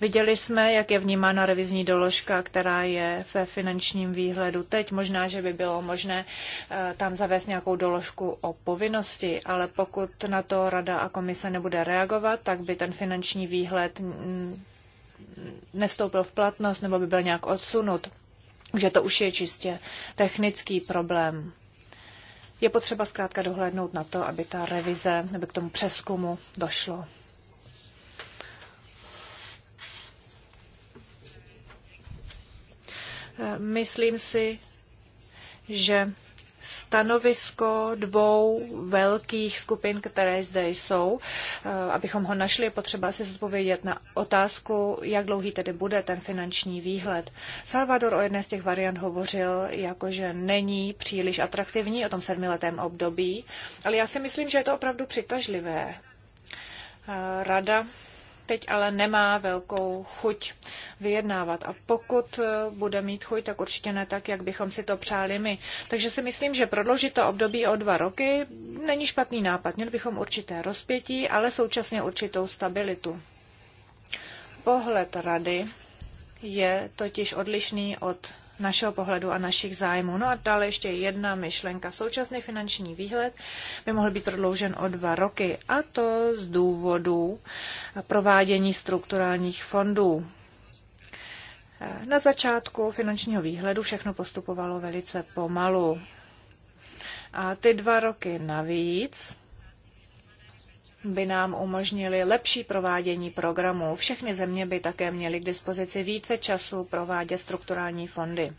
Viděli jsme, jak je vnímána revizní doložka, která je ve finančním výhledu teď. Možná, že by bylo možné e, tam zavést nějakou doložku o povinnosti, ale pokud na to rada a komise nebude reagovat, tak by ten finanční výhled nevstoupil v platnost nebo by byl nějak odsunut. že to už je čistě technický problém. Je potřeba zkrátka dohlédnout na to, aby ta revize, aby k tomu přeskumu došlo. Myslím si, že stanovisko dvou velkých skupin, které zde jsou. Eh, abychom ho našli, je potřeba si zodpovědět na otázku, jak dlouhý tedy bude ten finanční výhled. Salvador o jedné z těch variant hovořil, jakože není příliš atraktivní o tom sedmiletém období, ale já si myslím, že je to opravdu přitažlivé. Eh, rada teď ale nemá velkou chuť vyjednávat. A pokud eh, bude mít chuť, tak určitě ne tak, jak bychom si to přáli my. Takže si myslím, že prodloužit to období o dva roky není špatný nápad. Měli bychom určité rozpětí, ale současně určitou stabilitu. Pohled rady je totiž odlišný od našeho pohledu a našich zájmů. No a dále ještě jedna myšlenka. Současný finanční výhled by mohl být prodloužen o dva roky a to z důvodu provádění strukturálních fondů. Na začátku finančního výhledu všechno postupovalo velice pomalu. A ty dva roky navíc by nám umožnili lepší provádění programů. Všechny země by také měly k dispozici více času provádět strukturální fondy.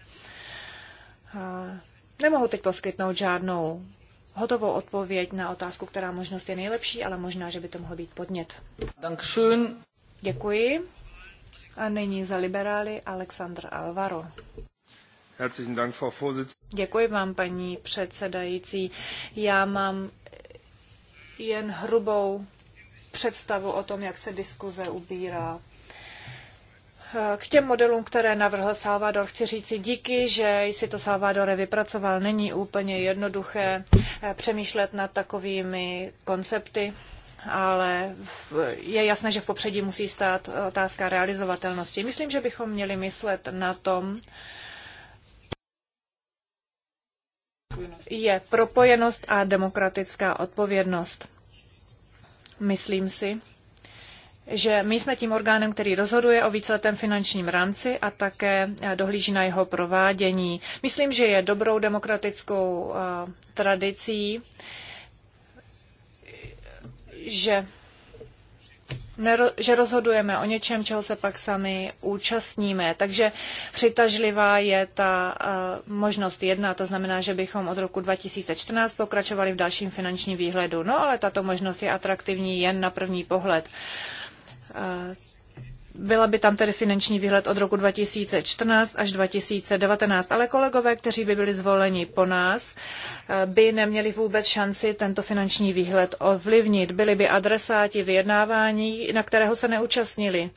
Nemohu teď poskytnout žádnou hotovou odpověď na otázku, která možnost je nejlepší, ale možná, že by to mohl být podnět. Dankeschön. Děkuji. A nyní za liberály Alexandr Alvaro. Děkuji vám, paní předsedající. Já mám jen hrubou představu o tom, jak se diskuze ubírá. K těm modelům, které navrhl Salvador, chci říci díky, že jsi to Salvadore vypracoval. Není úplně jednoduché eh, přemýšlet nad takovými koncepty, ale je jasné, že v popředí musí stát otázka realizovatelnosti. Myslím, že bychom měli myslet na tom, je propojenost a demokratická odpovědnost. Myslím si, že my jsme tím orgánem, který rozhoduje o víceletém finančním rámci a také eh, dohlíží na jeho provádění. Myslím, že je dobrou demokratickou eh, tradicí, že že rozhodujeme o něčem, čeho se pak sami účastníme. Takže přitažlivá je ta eh, možnost jedna, to znamená, že bychom od roku 2014 pokračovali v dalším finančním výhledu. No ale tato možnost je atraktivní jen na první pohled eh, byla by tam tedy finanční výhled od roku 2014 až 2019, ale kolegové, kteří by byli zvoleni po nás, eh, by neměli vůbec šanci tento finanční výhled ovlivnit. Byli by adresáti vyjednávání, na kterého se neúčastnili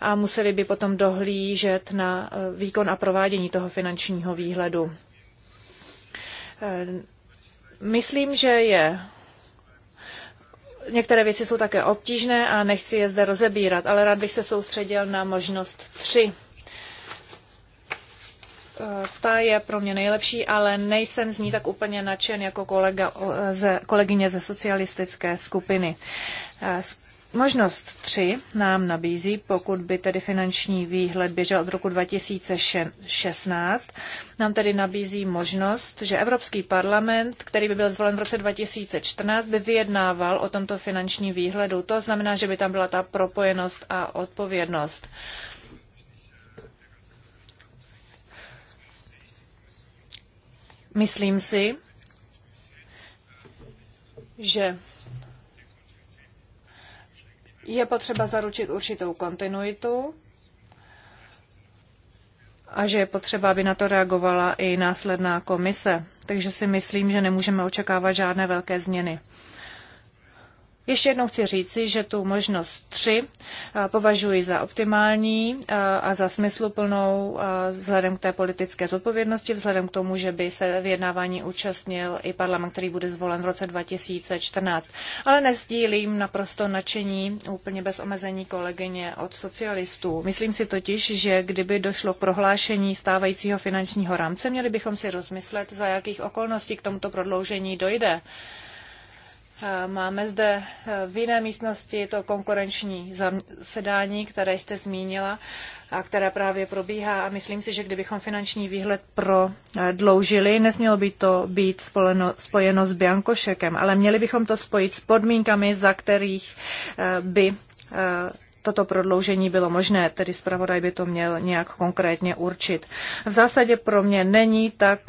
a museli by potom dohlížet na eh, výkon a provádění toho finančního výhledu. Eh, myslím, že je Některé věci jsou také obtížné a nechci je zde rozebírat, ale rád bych se soustředil na možnost 3. E, ta je pro mě nejlepší, ale nejsem z ní tak úplně nadšen jako kolega, ze, kolegyně ze socialistické skupiny. E, Možnost 3 nám nabízí, pokud by tedy finanční výhled běžel od roku 2016, nám tedy nabízí možnost, že Evropský parlament, který by byl zvolen v roce 2014, by vyjednával o tomto finančním výhledu. To znamená, že by tam byla ta propojenost a odpovědnost. Myslím si, že je potřeba zaručit určitou kontinuitu a že je potřeba, aby na to reagovala i následná komise. Takže si myslím, že nemůžeme očekávat žádné velké změny. Ještě jednou chci říci, že tu možnost 3 eh, považuji za optimální eh, a za smysluplnou eh, vzhledem k té politické zodpovědnosti, vzhledem k tomu, že by se vyjednávání účastnil i parlament, který bude zvolen v roce 2014. Ale nezdílím naprosto nadšení úplně bez omezení kolegyně od socialistů. Myslím si totiž, že kdyby došlo k prohlášení stávajícího finančního rámce, měli bychom si rozmyslet, za jakých okolností k tomuto prodloužení dojde. Eh, máme zde eh, v jiné místnosti to konkurenční zasedání, které jste zmínila a které právě probíhá a myslím si, že kdybychom finanční výhled prodloužili, nesmělo by to být spoleno, spojeno s Biankošekem, ale měli bychom to spojit s podmínkami, za kterých eh, by toto prodloužení bylo možné, tedy zpravodaj by to měl nějak konkrétně určit. V zásadě pro mě není tak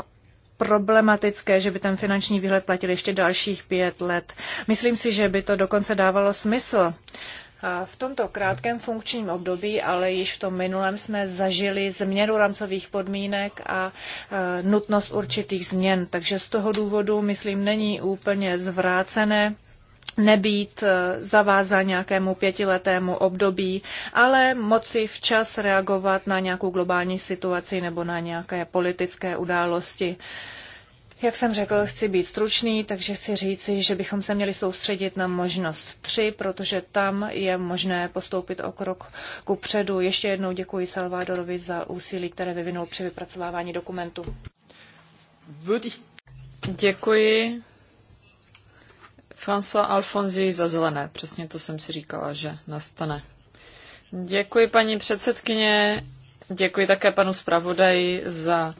problematické, že by ten finanční výhled platil ještě dalších pět let. Myslím si, že by to dokonce dávalo smysl. V tomto krátkém funkčním období, ale již v tom minulém jsme zažili změnu rámcových podmínek a e, nutnost určitých změn. Takže z toho důvodu, myslím, není úplně zvrácené nebýt eh, zavázán nějakému pětiletému období, ale moci včas reagovat na nějakou globální situaci nebo na nějaké politické události. Jak jsem řekl, chci být stručný, takže chci říci, že bychom se měli soustředit na možnost 3, protože tam je možné postoupit o krok ku předu. Ještě jednou děkuji Salvadorovi za úsilí, které vyvinul při vypracovávání dokumentu. Děkuji. François Alfonzi za zelené. Přesně to jsem si říkala, že nastane. Děkuji paní předsedkyně, děkuji také panu zpravodaji za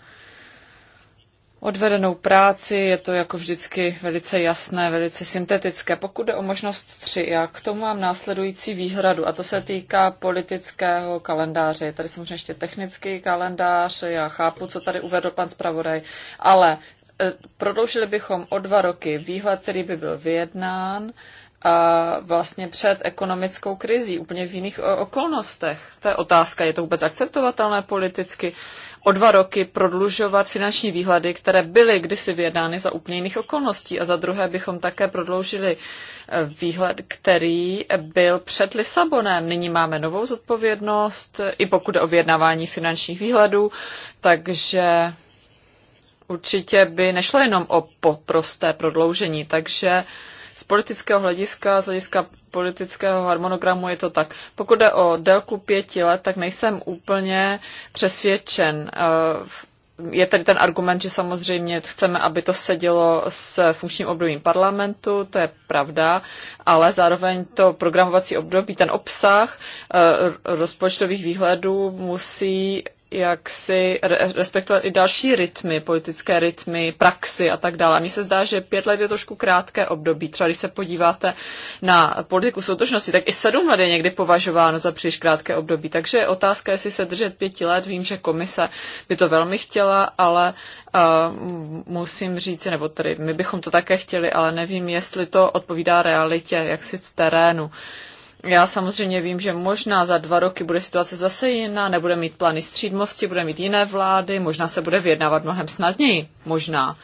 odvedenou práci. Je to jako vždycky velice jasné, velice syntetické. Pokud jde o možnost tři. já k tomu mám následující výhradu a to se týká politického kalendáře. Je tady samozřejmě ještě technický kalendář, já chápu, co tady uvedl pan zpravodaj, ale Eh, prodloužili bychom o dva roky výhled, který by byl vyjednán a vlastně před ekonomickou krizí, úplně v jiných eh, okolnostech. To je otázka, je to vůbec akceptovatelné politicky o dva roky prodlužovat finanční výhledy, které byly kdysi vyjednány za úplně jiných okolností. A za druhé bychom také prodloužili eh, výhled, který byl před Lisabonem. Nyní máme novou zodpovědnost, i pokud o vyjednávání finančních výhledů, takže určitě by nešlo jenom o prosté prodloužení, takže z politického hlediska, z hlediska politického harmonogramu je to tak. Pokud jde o délku pěti let, tak nejsem úplně přesvědčen. Eh, je tady ten argument, že samozřejmě chceme, aby to sedělo s funkčním obdobím parlamentu, to je pravda, ale zároveň to programovací období, ten obsah eh, rozpočtových výhledů musí jak si respektovat i další rytmy, politické rytmy, praxi a tak dále. A mně se zdá, že pět let je trošku krátké období. Třeba když se podíváte na politiku soutočnosti, tak i sedm let je někdy považováno za příliš krátké období. Takže je otázka, jestli se držet pěti let. Vím, že komise by to velmi chtěla, ale uh, musím říct, nebo tedy my bychom to také chtěli, ale nevím, jestli to odpovídá realitě, jak si z terénu. Uh, já samozřejmě vím, že možná za dva roky bude situace zase jiná, nebude mít plány střídmosti, bude mít jiné vlády, možná se bude vyjednávat mnohem snadněji, možná.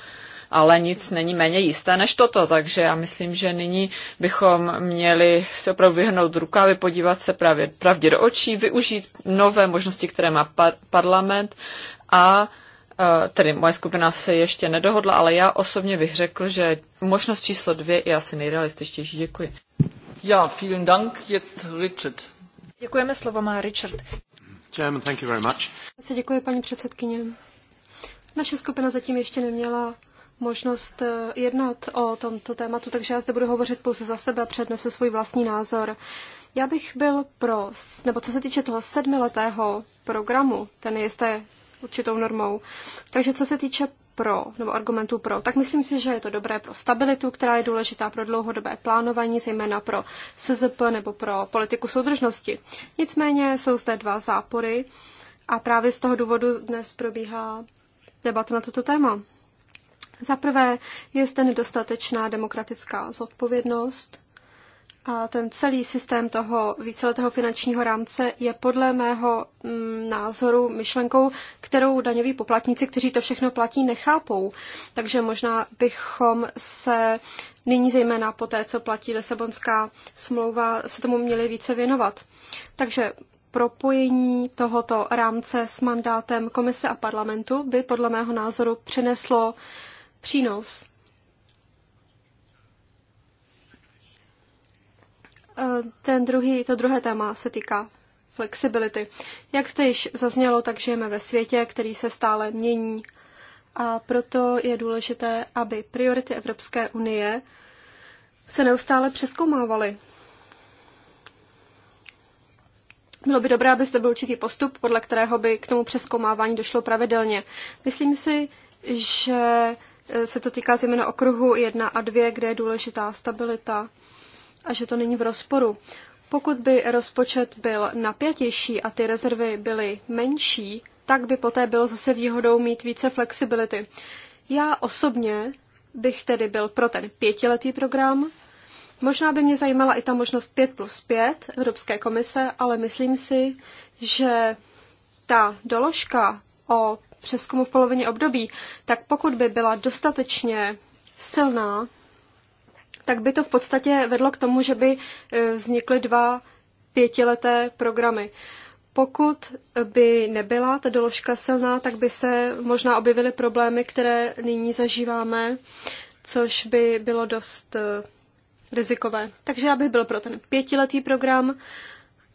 Ale nic není méně jisté než toto, takže já myslím, že nyní bychom měli se opravdu vyhnout rukávy, podívat se právě pravdě do očí, využít nové možnosti, které má par- parlament a e, tedy moje skupina se ještě nedohodla, ale já osobně bych řekl, že možnost číslo dvě je asi nejrealističtější. Děkuji. Ja, vielen Dank. Jetzt Richard. Děkujeme, slovo má Richard. Chairman, thank you very much. Děkuji, paní předsedkyně. Naše skupina zatím ještě neměla možnost eh, jednat o tomto tématu, takže já zde budu hovořit pouze za sebe a přednesu svůj vlastní názor. Já bych byl pro, nebo co se týče toho sedmiletého programu, ten je jisté určitou normou. Takže co se týče pro, nebo argumentů pro, tak myslím si, že je to dobré pro stabilitu, která je důležitá pro dlouhodobé plánování, zejména pro SZP nebo pro politiku soudržnosti. Nicméně jsou zde dva zápory a právě z toho důvodu dnes probíhá debata na toto téma. Za prvé je zde nedostatečná demokratická zodpovědnost a ten celý systém toho víceletého finančního rámce je podle mého mm, názoru myšlenkou, kterou daňoví poplatníci, kteří to všechno platí, nechápou. Takže možná bychom se nyní zejména po té, co platí Lisabonská smlouva, se tomu měli více věnovat. Takže propojení tohoto rámce s mandátem komise a parlamentu by podle mého názoru přineslo přínos Ten druhý, to druhé téma se týká flexibility. Jak jste již zaznělo, tak žijeme ve světě, který se stále mění. A proto je důležité, aby priority Evropské unie se neustále přeskoumávaly. Bylo by dobré, abyste byl určitý postup, podle kterého by k tomu přeskoumávání došlo pravidelně. Myslím si, že se to týká zejména okruhu 1 a 2, kde je důležitá stabilita a že to není v rozporu. Pokud by rozpočet byl napětější a ty rezervy byly menší, tak by poté bylo zase výhodou mít více flexibility. Já osobně bych tedy byl pro ten pětiletý program. Možná by mě zajímala i ta možnost 5 plus 5 Evropské komise, ale myslím si, že ta doložka o přeskumu v polovině období, tak pokud by byla dostatečně silná, tak by to v podstatě vedlo k tomu, že by eh, vznikly dva pětileté programy. Pokud by nebyla ta doložka silná, tak by se možná objevily problémy, které nyní zažíváme, což by bylo dost eh, rizikové. Takže já bych byl pro ten pětiletý program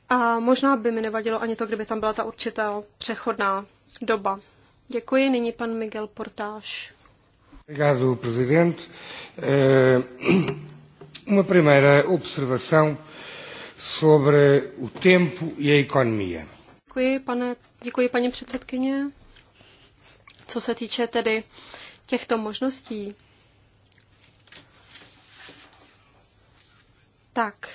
a možná by mi nevadilo ani to, kdyby tam byla ta určitá přechodná doba. Děkuji. Nyní pan Miguel Portáš. Obrigado, presidente. Eh, uma primeira observação sobre o tempo e a economia. Děkuji, pane, děkuji paní předsedkyně. Co se týče tedy těchto možností, tak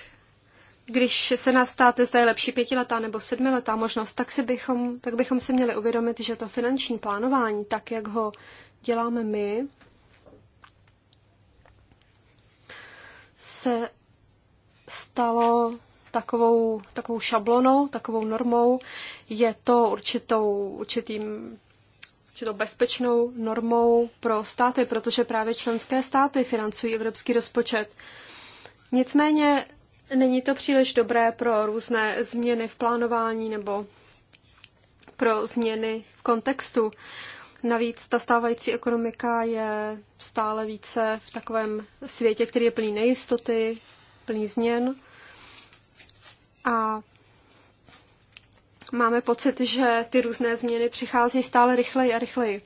když se nás ptáte, zda je lepší pětiletá nebo sedmiletá možnost, tak, si bychom, tak bychom si měli uvědomit, že to finanční plánování, tak jak ho děláme my, se stalo takovou, takovou šablonou, takovou normou. Je to určitou, určitým, určitou bezpečnou normou pro státy, protože právě členské státy financují evropský rozpočet. Nicméně není to příliš dobré pro různé změny v plánování nebo pro změny v kontextu. Navíc ta stávající ekonomika je stále více v takovém světě, který je plný nejistoty, plný změn. A máme pocit, že ty různé změny přichází stále rychleji a rychleji.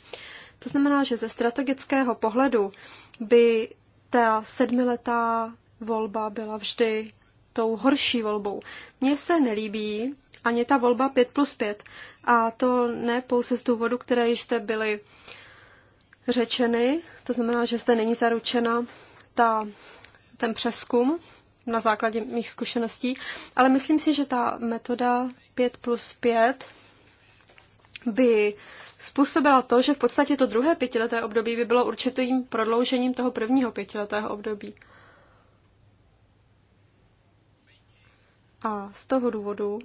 To znamená, že ze strategického pohledu by ta sedmiletá volba byla vždy tou horší volbou. Mně se nelíbí ani ta volba 5 plus 5. A to ne pouze z důvodu, které jste byly řečeny, to znamená, že zde není zaručena ta, ten přeskum na základě mých zkušeností, ale myslím si, že ta metoda 5 plus 5 by způsobila to, že v podstatě to druhé pětileté období by bylo určitým prodloužením toho prvního pětiletého období. A z toho důvodu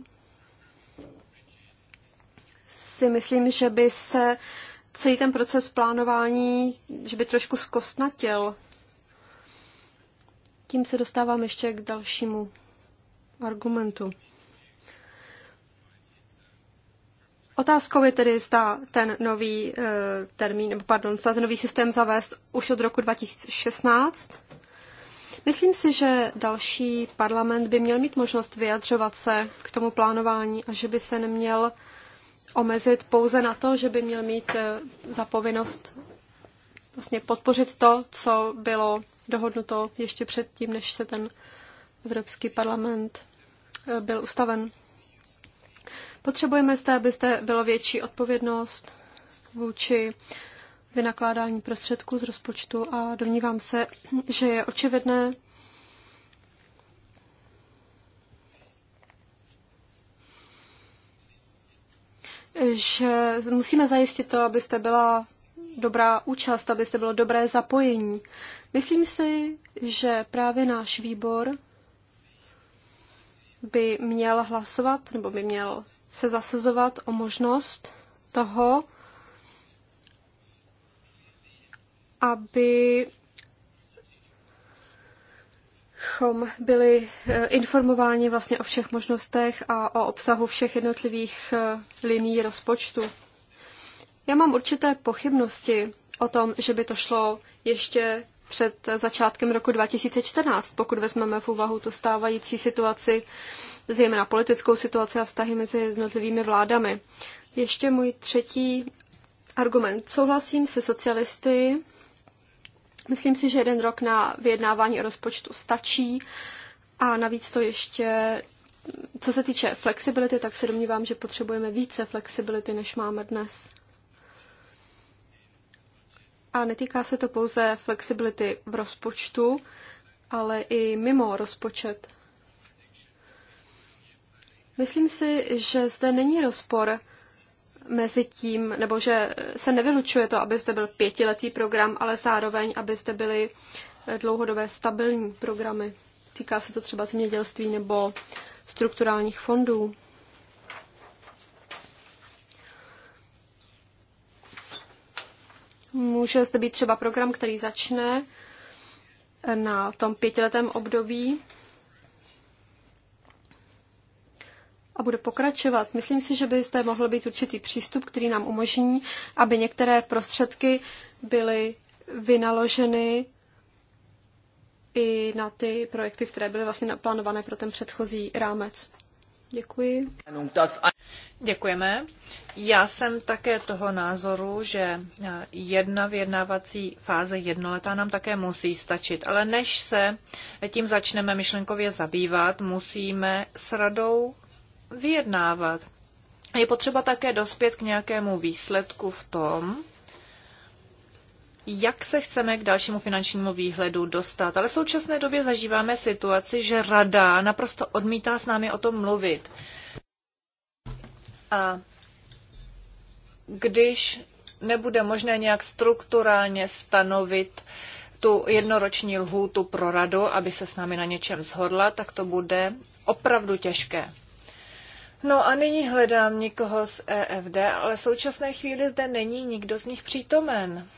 si myslím, že by se celý ten proces plánování, že by trošku zkostnatil. Tím se dostávám ještě k dalšímu argumentu. Otázkou je tedy, zda ten nový uh, termín, nebo pardon, zda ten nový systém zavést už od roku 2016. Myslím si, že další parlament by měl mít možnost vyjadřovat se k tomu plánování a že by se neměl uh, omezit pouze na to, že by měl mít eh, povinnost vlastně podpořit to, co bylo dohodnuto ještě předtím, než se ten Evropský parlament eh, byl ustaven. Potřebujeme zde, zde bylo větší odpovědnost vůči vynakládání prostředků z rozpočtu a domnívám se, že je očividné, že musíme zajistit to, abyste byla dobrá účast, abyste bylo dobré zapojení. Myslím si, že právě náš výbor by měl hlasovat nebo by měl se zasazovat o možnost toho, aby chom byli eh, informováni vlastně o všech možnostech a o obsahu všech jednotlivých eh, liní rozpočtu. Já mám určité pochybnosti o tom, že by to šlo ještě před začátkem roku 2014, pokud vezmeme v úvahu tu stávající situaci, zejména politickou situaci a vztahy mezi jednotlivými vládami. Ještě můj třetí argument. Souhlasím se socialisty Myslím si, že jeden rok na vyjednávání rozpočtu stačí a navíc to ještě, co se týče flexibility, tak se domnívám, že potřebujeme více flexibility, než máme dnes. A netýká se to pouze flexibility v rozpočtu, ale i mimo rozpočet. Myslím si, že zde není rozpor mezi tím, nebo že se nevylučuje to, aby byl pětiletý program, ale zároveň, aby byli byly eh, dlouhodobé stabilní programy. Týká se to třeba zemědělství nebo strukturálních fondů. Může zde být třeba program, který začne eh, na tom pětiletém období a bude pokračovat. Myslím si, že by zde mohl být určitý přístup, který nám umožní, aby některé prostředky byly vynaloženy i na ty projekty, které byly vlastně naplánované pro ten předchozí rámec. Děkuji. Děkujeme. Já jsem také toho názoru, že jedna vyjednávací fáze jednoletá nám také musí stačit, ale než se tím začneme myšlenkově zabývat, musíme s radou vyjednávat. Je potřeba také dospět k nějakému výsledku v tom, jak se chceme k dalšímu finančnímu výhledu dostat. Ale v současné době zažíváme situaci, že rada naprosto odmítá s námi o tom mluvit. A když nebude možné nějak strukturálně stanovit tu jednoroční lhůtu pro radu, aby se s námi na něčem zhodla, tak to bude opravdu těžké. No a nyní hledám někoho z EFD, ale v současné chvíli zde není nikdo z nich přítomen.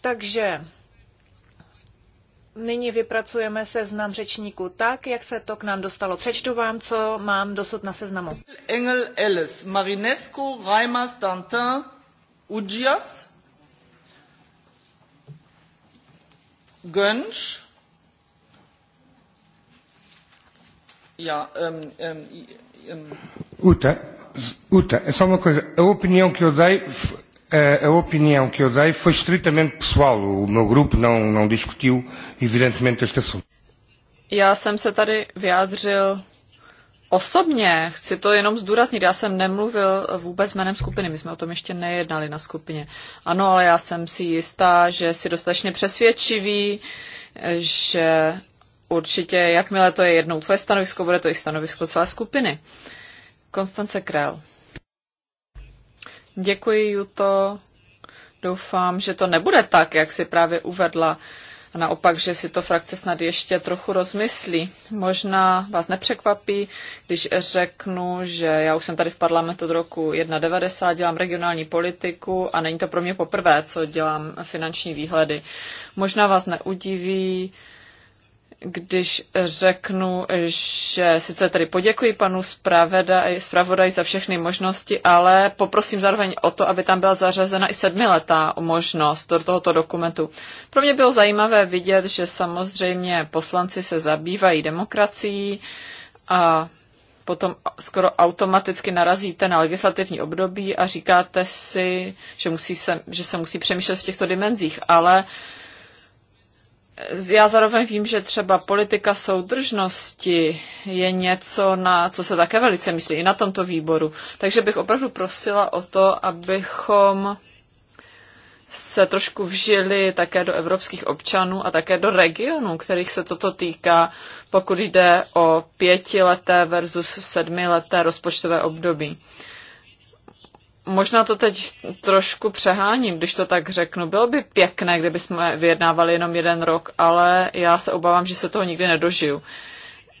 Takže nyní vypracujeme seznam řečníků tak, jak se to k nám dostalo. Přečtu vám, co mám dosud na seznamu. Engel Ellis, Marinescu, Reimers, Dantin, Ugias, Gönsch, Yeah, um, um, Uta, Uta, é só uma coisa. A opinião que eu dei, a opinião que eu dei foi estritamente pessoal. O meu grupo não, não discutiu, evidentemente, este assunto. Já jsem se tady vyjádřil osobně. Chci to jenom zdůraznit. Já jsem nemluvil vůbec jménem skupiny. My jsme o tom ještě nejednali na skupině. Ano, ale já jsem si jistá, že si dostatečně přesvědčivý, že určitě, jakmile to je jednou tvoje stanovisko, bude to i stanovisko celé skupiny. Konstance Král. Děkuji, Juto. Doufám, že to nebude tak, jak si právě uvedla. A naopak, že si to frakce snad ještě trochu rozmyslí. Možná vás nepřekvapí, když řeknu, že já už jsem tady v parlamentu od roku 1990, dělám regionální politiku a není to pro mě poprvé, co dělám finanční výhledy. Možná vás neudiví, když řeknu, že sice tedy poděkuji panu zpravodaj za všechny možnosti, ale poprosím zároveň o to, aby tam byla zařazena i sedmiletá možnost do tohoto dokumentu. Pro mě bylo zajímavé vidět, že samozřejmě poslanci se zabývají demokracií a potom skoro automaticky narazíte na legislativní období a říkáte si, že, musí se, že se musí přemýšlet v těchto dimenzích, ale uh, já zároveň vím, že třeba politika soudržnosti je něco, na co se také velice myslí i na tomto výboru. Takže bych opravdu prosila o to, abychom se trošku vžili také do evropských občanů a také do regionů, kterých se toto týká, pokud jde o pětileté versus sedmileté rozpočtové období. Možná to teď trošku přeháním, když to tak řeknu. Bylo by pěkné, kdyby jsme vyjednávali jenom jeden rok, ale já se obávám, že se toho nikdy nedožiju.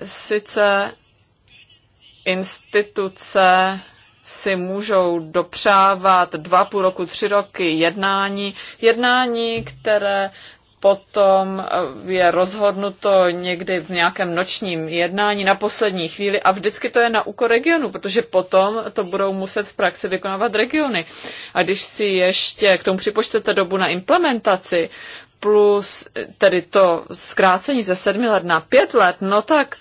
Sice instituce si můžou dopřávat dva půl roku, tři roky jednání, jednání, které potom eh, je rozhodnuto někdy v nějakém nočním jednání na poslední chvíli a vždycky to je na úkor regionu, protože potom to budou muset v praxi vykonávat regiony. A když si ještě k tomu připočtete dobu na implementaci, plus eh, tedy to zkrácení ze sedmi let na pět let, no tak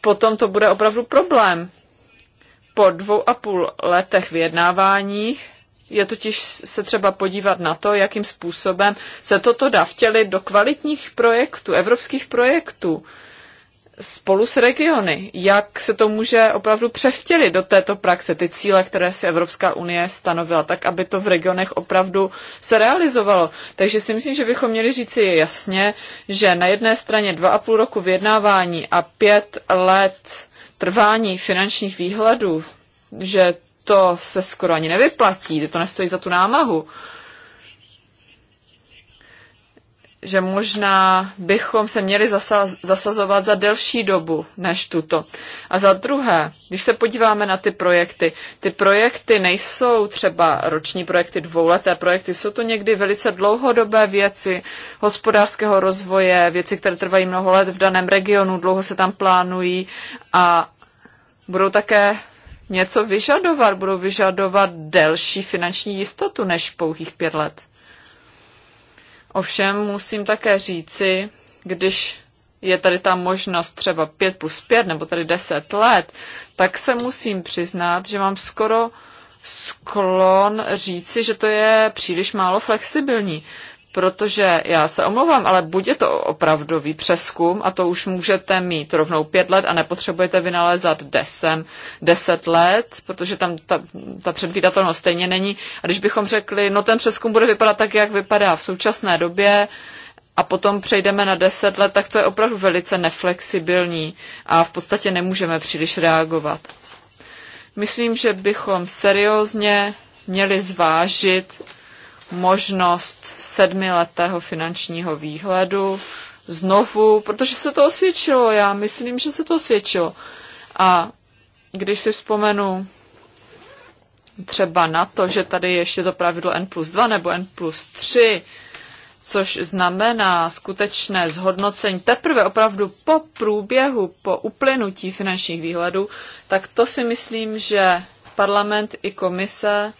potom to bude opravdu problém. Po dvou a půl letech vyjednáváních je totiž se třeba podívat na to, jakým způsobem se toto dá vtělit do kvalitních projektů, evropských projektů spolu s regiony, jak se to může opravdu převtělit do této praxe, ty cíle, které si Evropská unie stanovila, tak aby to v regionech opravdu se realizovalo. Takže si myslím, že bychom měli říci jasně, že na jedné straně dva a půl roku vyjednávání a pět let trvání finančních výhledů, že to se skoro ani nevyplatí, to nestojí za tu námahu. Že možná bychom se měli zasazovat za delší dobu než tuto. A za druhé, když se podíváme na ty projekty, ty projekty nejsou třeba roční projekty, dvouleté projekty, jsou to někdy velice dlouhodobé věci hospodářského rozvoje, věci, které trvají mnoho let v daném regionu, dlouho se tam plánují a budou také něco vyžadovat, budou vyžadovat delší finanční jistotu než pouhých pět let. Ovšem musím také říci, když je tady ta možnost třeba 5 plus 5 nebo tady 10 let, tak se musím přiznat, že mám skoro sklon říci, že to je příliš málo flexibilní protože já se omlouvám, ale buď je to opravdový přeskum a to už můžete mít rovnou pět let a nepotřebujete vynalézat desem, deset let, protože tam ta, ta předvídatelnost stejně není. A když bychom řekli, no ten přeskum bude vypadat tak, jak vypadá v současné době, a potom přejdeme na deset let, tak to je opravdu velice neflexibilní a v podstatě nemůžeme příliš reagovat. Myslím, že bychom seriózně měli zvážit možnost sedmiletého finančního výhledu znovu, protože se to osvědčilo. Já myslím, že se to osvědčilo. A když si vzpomenu třeba na to, že tady ještě to pravidlo N plus 2 nebo N plus 3, což znamená skutečné zhodnocení teprve opravdu po průběhu, po uplynutí finančních výhledů, tak to si myslím, že parlament i komise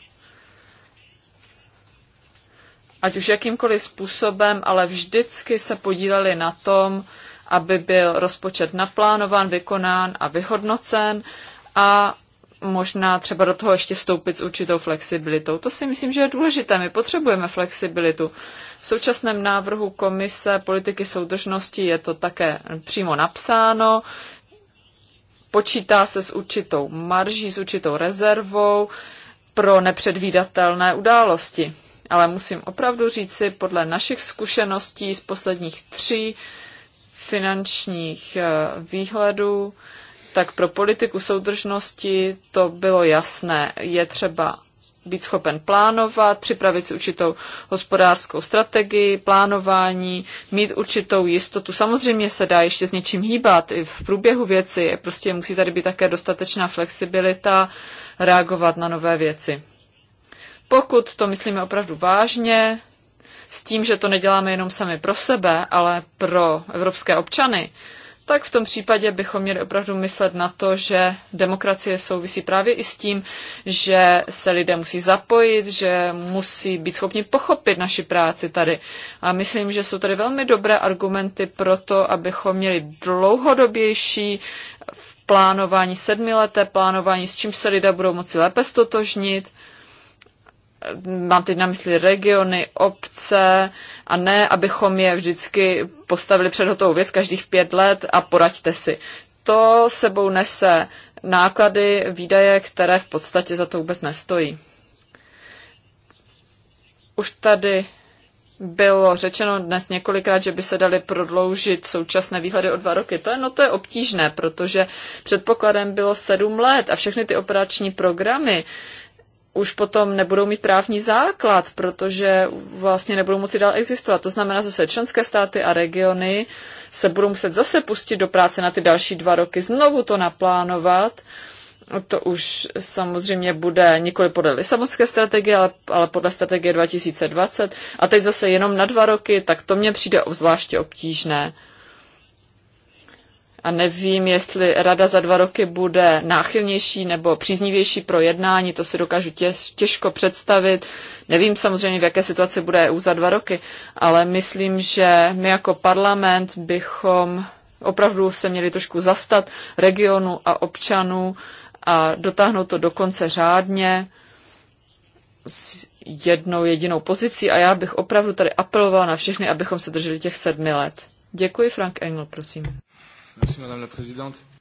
ať už jakýmkoliv způsobem, ale vždycky se podíleli na tom, aby byl rozpočet naplánován, vykonán a vyhodnocen a možná třeba do toho ještě vstoupit s určitou flexibilitou. To si myslím, že je důležité. My potřebujeme flexibilitu. V současném návrhu Komise politiky soudržnosti je to také přímo napsáno. Počítá se s určitou marží, s určitou rezervou pro nepředvídatelné události. Ale musím opravdu říci, podle našich zkušeností z posledních tří finančních eh, výhledů, tak pro politiku soudržnosti to bylo jasné. Je třeba být schopen plánovat, připravit si určitou hospodářskou strategii, plánování, mít určitou jistotu. Samozřejmě se dá ještě s něčím hýbat i v průběhu věci, prostě musí tady být také dostatečná flexibilita reagovat na nové věci. Pokud to myslíme opravdu vážně, s tím, že to neděláme jenom sami pro sebe, ale pro evropské občany, tak v tom případě bychom měli opravdu myslet na to, že demokracie souvisí právě i s tím, že se lidé musí zapojit, že musí být schopni pochopit naši práci tady. A myslím, že jsou tady velmi dobré argumenty pro to, abychom měli dlouhodobější plánování, sedmileté plánování, s čím se lidé budou moci lépe stotožnit mám teď na mysli regiony, obce, a ne, abychom je vždycky postavili před hotovou věc každých pět let a poraďte si. To sebou nese náklady, výdaje, které v podstatě za to vůbec nestojí. Už tady bylo řečeno dnes několikrát, že by se daly prodloužit současné výhledy o dva roky. To je, no to je obtížné, protože předpokladem bylo sedm let a všechny ty operační programy, uh, už potom nebudou mít právní základ, protože vlastně nebudou moci dál existovat. To znamená zase členské státy a regiony se budou muset zase pustit do práce na ty další dva roky, znovu to naplánovat. To už samozřejmě bude nikoli podle Lisabonské strategie, ale, ale podle strategie 2020. A teď zase jenom na dva roky, tak to mně přijde obzvláště obtížné. A nevím, jestli rada za dva roky bude náchylnější nebo příznivější pro jednání, to si dokážu těžko představit. Nevím samozřejmě, v jaké situaci bude EU za dva roky, ale myslím, že my jako parlament bychom opravdu se měli trošku zastat regionu a občanů a dotáhnout to dokonce řádně s jednou jedinou pozicí a já bych opravdu tady apeloval na všechny, abychom se drželi těch sedmi let. Děkuji, Frank Engel, prosím.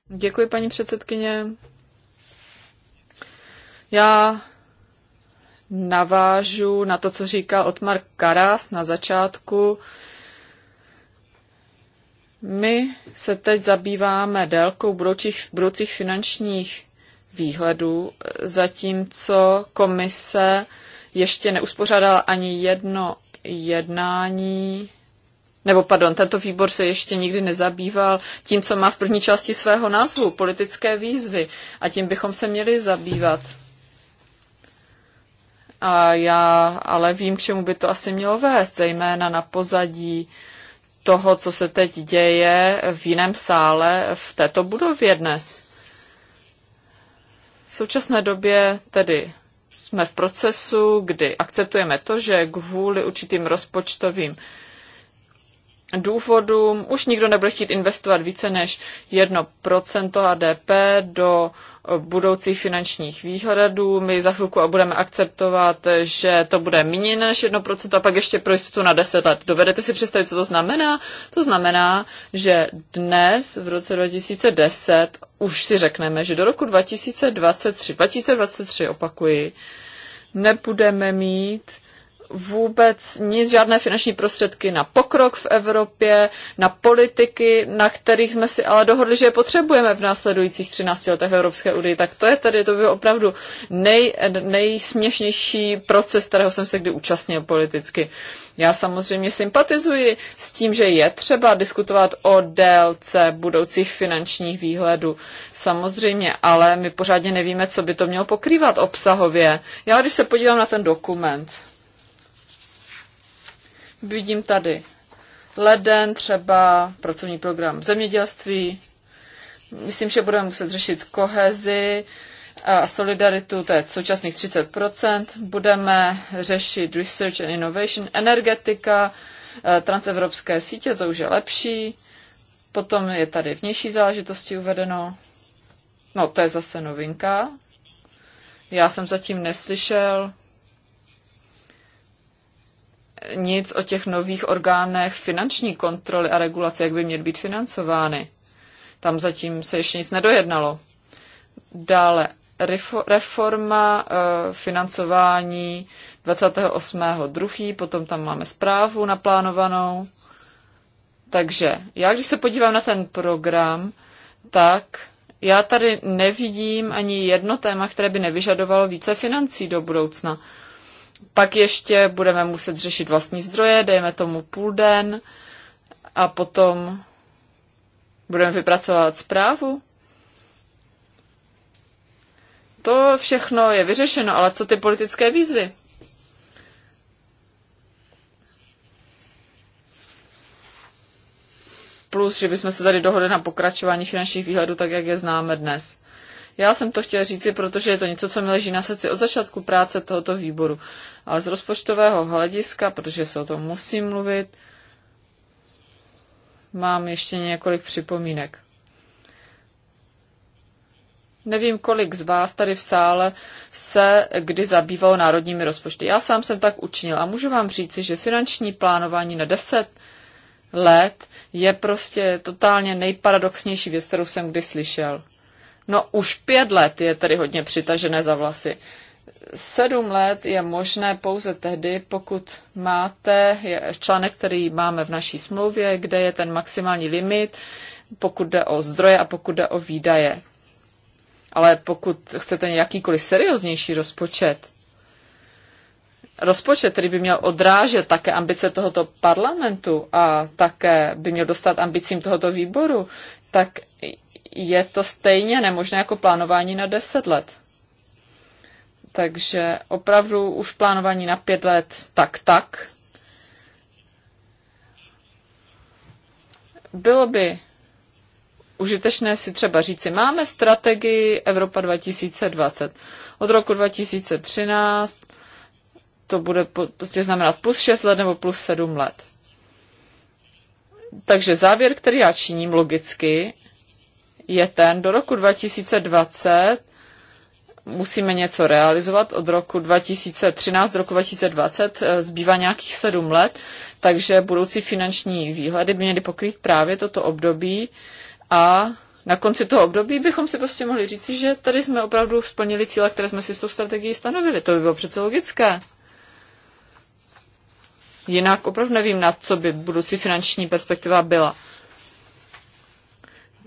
Děkuji, paní předsedkyně. Já navážu na to, co říkal Otmar Karas na začátku. My se teď zabýváme délkou budoucích, budoucích finančních výhledů, zatímco komise ještě neuspořádala ani jedno jednání nebo pardon, tento výbor se ještě nikdy nezabýval tím, co má v první části svého názvu, politické výzvy. A tím bychom se měli zabývat. A já ale vím, k čemu by to asi mělo vést, zejména na pozadí toho, co se teď děje v jiném sále v této budově dnes. V současné době tedy jsme v procesu, kdy akceptujeme to, že kvůli určitým rozpočtovým důvodům už nikdo nebude chtít investovat více než 1% HDP do eh, budoucích finančních výhledů. My za chvilku a budeme akceptovat, že to bude méně než 1% a pak ještě pro jistotu na 10 let. Dovedete si představit, co to znamená? To znamená, že dnes v roce 2010 už si řekneme, že do roku 2023, 2023 opakuji, nebudeme mít vůbec nic, žádné finanční prostředky na pokrok v Evropě, na politiky, na kterých jsme si ale dohodli, že je potřebujeme v následujících 13 letech Evropské unii. Tak to je tady, to byl opravdu nej, nejsměšnější proces, kterého jsem se kdy účastnil politicky. Já samozřejmě sympatizuji s tím, že je třeba diskutovat o délce budoucích finančních výhledů. Samozřejmě, ale my pořádně nevíme, co by to mělo pokrývat obsahově. Já když se podívám na ten dokument, Vidím tady leden, třeba pracovní program zemědělství. Myslím, že budeme muset řešit kohezi a solidaritu, to je současných 30%. Budeme řešit research and innovation, energetika, eh, transevropské sítě, to už je lepší. Potom je tady vnější záležitosti uvedeno. No, to je zase novinka. Já jsem zatím neslyšel nic o těch nových orgánech finanční kontroly a regulace, jak by měly být financovány. Tam zatím se ještě nic nedojednalo. Dále reforma eh, financování 28.2., potom tam máme zprávu naplánovanou. Takže já, když se podívám na ten program, tak já tady nevidím ani jedno téma, které by nevyžadovalo více financí do budoucna. Pak ještě budeme muset řešit vlastní zdroje, dejme tomu půl den a potom budeme vypracovat zprávu. To všechno je vyřešeno, ale co ty politické výzvy? Plus, že bychom se tady dohodli na pokračování finančních výhledů, tak jak je známe dnes. Já jsem to chtěl říci, protože je to něco, co mi leží na srdci od začátku práce tohoto výboru. Ale z rozpočtového hlediska, protože se o tom musím mluvit, mám ještě několik připomínek. Nevím, kolik z vás tady v sále se kdy zabývalo národními rozpočty. Já sám jsem tak učinil a můžu vám říci, že finanční plánování na 10 let je prostě totálně nejparadoxnější věc, kterou jsem kdy slyšel. No už pět let je tedy hodně přitažené za vlasy. Sedm let je možné pouze tehdy, pokud máte článek, který máme v naší smlouvě, kde je ten maximální limit, pokud jde o zdroje a pokud jde o výdaje. Ale pokud chcete nějakýkoliv serióznější rozpočet, rozpočet, který by měl odrážet také ambice tohoto parlamentu a také by měl dostat ambicím tohoto výboru, tak je to stejně nemožné jako plánování na 10 let. Takže opravdu už plánování na 5 let tak tak. Bylo by užitečné si třeba říci, máme strategii Evropa 2020. Od roku 2013 to bude prostě znamenat plus 6 let nebo plus 7 let. Takže závěr, který já činím logicky, je ten, do roku 2020 musíme něco realizovat od roku 2013 do roku 2020, eh, zbývá nějakých sedm let, takže budoucí finanční výhledy by měly pokrýt právě toto období a na konci toho období bychom si prostě mohli říci, že tady jsme opravdu splnili cíle, které jsme si s tou strategií stanovili. To by bylo přece logické. Jinak opravdu nevím, na co by budoucí finanční perspektiva byla.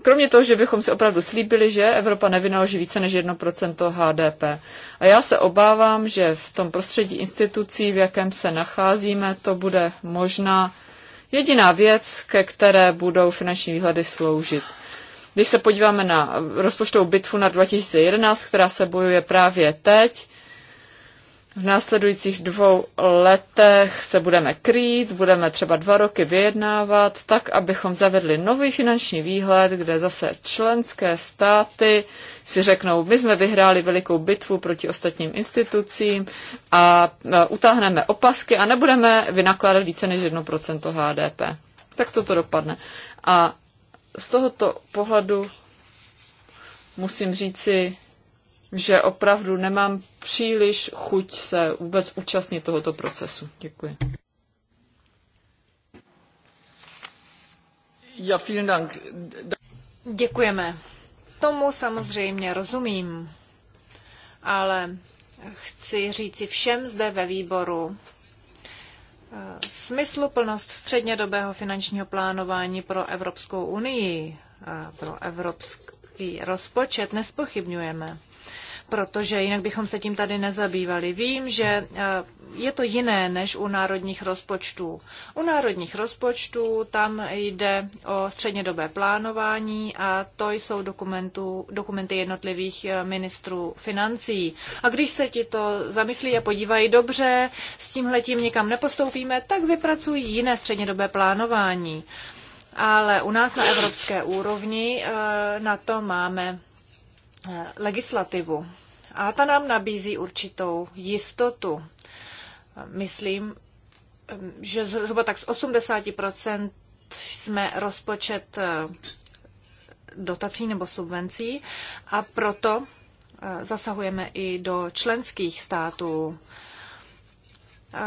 Kromě toho, že bychom si opravdu slíbili, že Evropa nevynaloží více než 1% HDP. A já se obávám, že v tom prostředí institucí, v jakém se nacházíme, to bude možná jediná věc, ke které budou finanční výhledy sloužit. Když se podíváme na rozpočtovou bitvu na 2011, která se bojuje právě teď, v následujících dvou letech se budeme krýt, budeme třeba dva roky vyjednávat, tak abychom zavedli nový finanční výhled, kde zase členské státy si řeknou, my jsme vyhráli velikou bitvu proti ostatním institucím a e, utáhneme opasky a nebudeme vynakládat více než 1% HDP. Tak toto dopadne. A z tohoto pohledu musím říci, že opravdu nemám příliš chuť se vůbec účastnit tohoto procesu. Děkuji. Ja, vielen Dank. Děkujeme. Tomu samozřejmě rozumím, ale chci říci všem zde ve výboru, eh, smysluplnost střednědobého finančního plánování pro Evropskou unii, pro evropský rozpočet nespochybňujeme protože jinak bychom se tím tady nezabývali. Vím, že eh, je to jiné než u národních rozpočtů. U národních rozpočtů tam jde o střednědobé plánování a to jsou dokumentu, dokumenty jednotlivých eh, ministrů financí. A když se ti to zamyslí a podívají dobře, s tímhletím nikam nepostoupíme, tak vypracují jiné střednědobé plánování. Ale u nás na evropské úrovni eh, na to máme legislativu. A ta nám nabízí určitou jistotu. Myslím, že zhruba tak z 80% jsme rozpočet eh, dotací nebo subvencí a proto eh, zasahujeme i do členských států. Eh,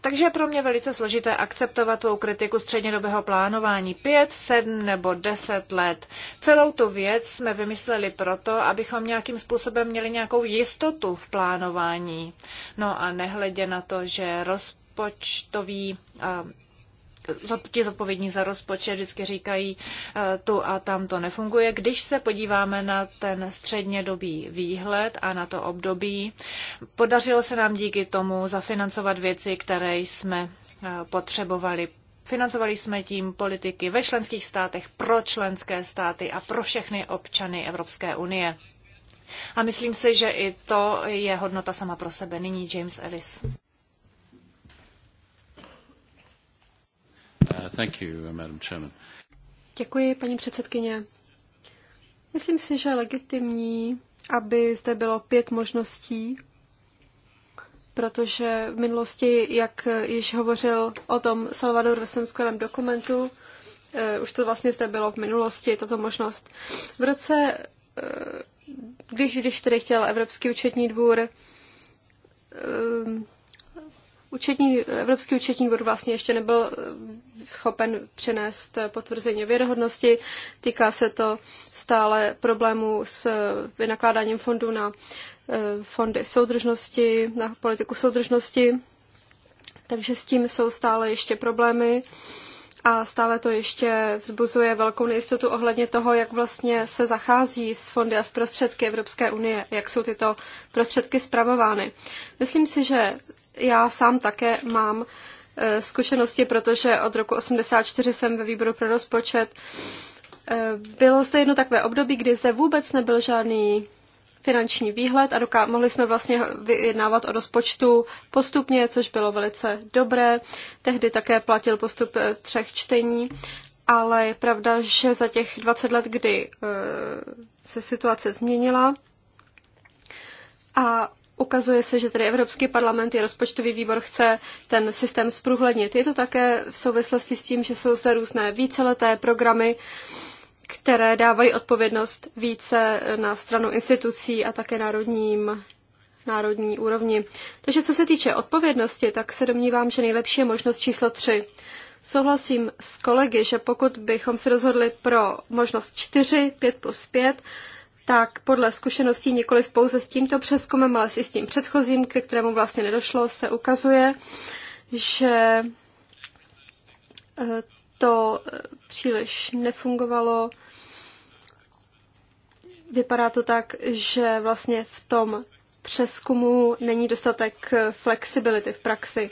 takže je pro mě velice složité akceptovat tvou kritiku střednědobého plánování. Pět, sedm nebo deset let. Celou tu věc jsme vymysleli proto, abychom nějakým způsobem měli nějakou jistotu v plánování. No a nehledě na to, že rozpočtový eh, ti zodpovědní za rozpočet vždycky říkají, eh, tu a tam to nefunguje. Když se podíváme na ten střednědobý výhled a na to období, podařilo se nám díky tomu zafinancovat věci, které jsme eh, potřebovali. Financovali jsme tím politiky ve členských státech pro členské státy a pro všechny občany Evropské unie. A myslím si, že i to je hodnota sama pro sebe. Nyní James Ellis. thank you, Madam Chairman. Děkuji, paní předsedkyně. Myslím si, že je legitimní, aby zde bylo pět možností, protože v minulosti, jak již hovořil o tom Salvador ve svém skvělém dokumentu, eh, už to vlastně zde bylo v minulosti, tato možnost. V roce, eh, když, když tedy chtěl Evropský účetní dvůr eh, účetní, Evropský účetní dvůr vlastně ještě nebyl schopen přenést potvrzení věrohodnosti. Týká se to stále problémů s vynakládáním fondů na eh, fondy soudržnosti, na politiku soudržnosti. Takže s tím jsou stále ještě problémy a stále to ještě vzbuzuje velkou nejistotu ohledně toho, jak vlastně se zachází s fondy a s prostředky Evropské unie, jak jsou tyto prostředky zpravovány. Myslím si, že já sám také mám Eh, zkušenosti, protože od roku 84 jsem ve výboru pro rozpočet. Eh, bylo zde jedno takové období, kdy zde vůbec nebyl žádný finanční výhled a doká- mohli jsme vlastně vyjednávat o rozpočtu postupně, což bylo velice dobré. Tehdy také platil postup eh, třech čtení, ale je pravda, že za těch 20 let, kdy se situace změnila a Ukazuje se, že tedy Evropský parlament i rozpočtový výbor chce ten systém zprůhlednit. Je to také v souvislosti s tím, že jsou zde různé víceleté programy, které dávají odpovědnost více na stranu institucí a také národním národní úrovni. Takže co se týče odpovědnosti, tak se domnívám, že nejlepší je možnost číslo 3. Souhlasím s kolegy, že pokud bychom se rozhodli pro možnost 4, 5 plus 5, tak podle zkušeností nikoli pouze s tímto přeskumem, ale i s tím předchozím, ke kterému vlastně nedošlo, se ukazuje, že eh, to eh, příliš nefungovalo. Vypadá to tak, že vlastně v tom přeskumu není dostatek eh, flexibility v praxi.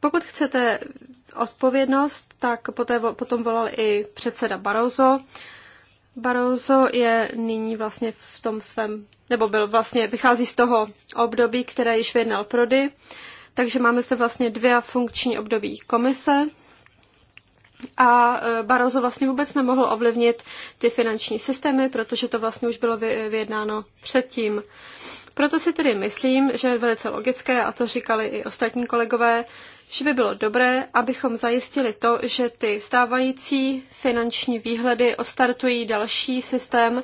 Pokud chcete odpovědnost, tak poté, potom volal i předseda Barozo. Barroso je nyní vlastně v tom svém, nebo byl vlastně, vychází z toho období, které již vyjednal Prody, takže máme zde vlastně dvě funkční období komise a e, Barroso vlastně vůbec nemohl ovlivnit ty finanční systémy, protože to vlastně už bylo vyjednáno předtím. Proto si tedy myslím, že je velice logické, a to říkali i ostatní kolegové, že by bylo dobré, abychom zajistili to, že ty stávající finanční výhledy ostartují další systém,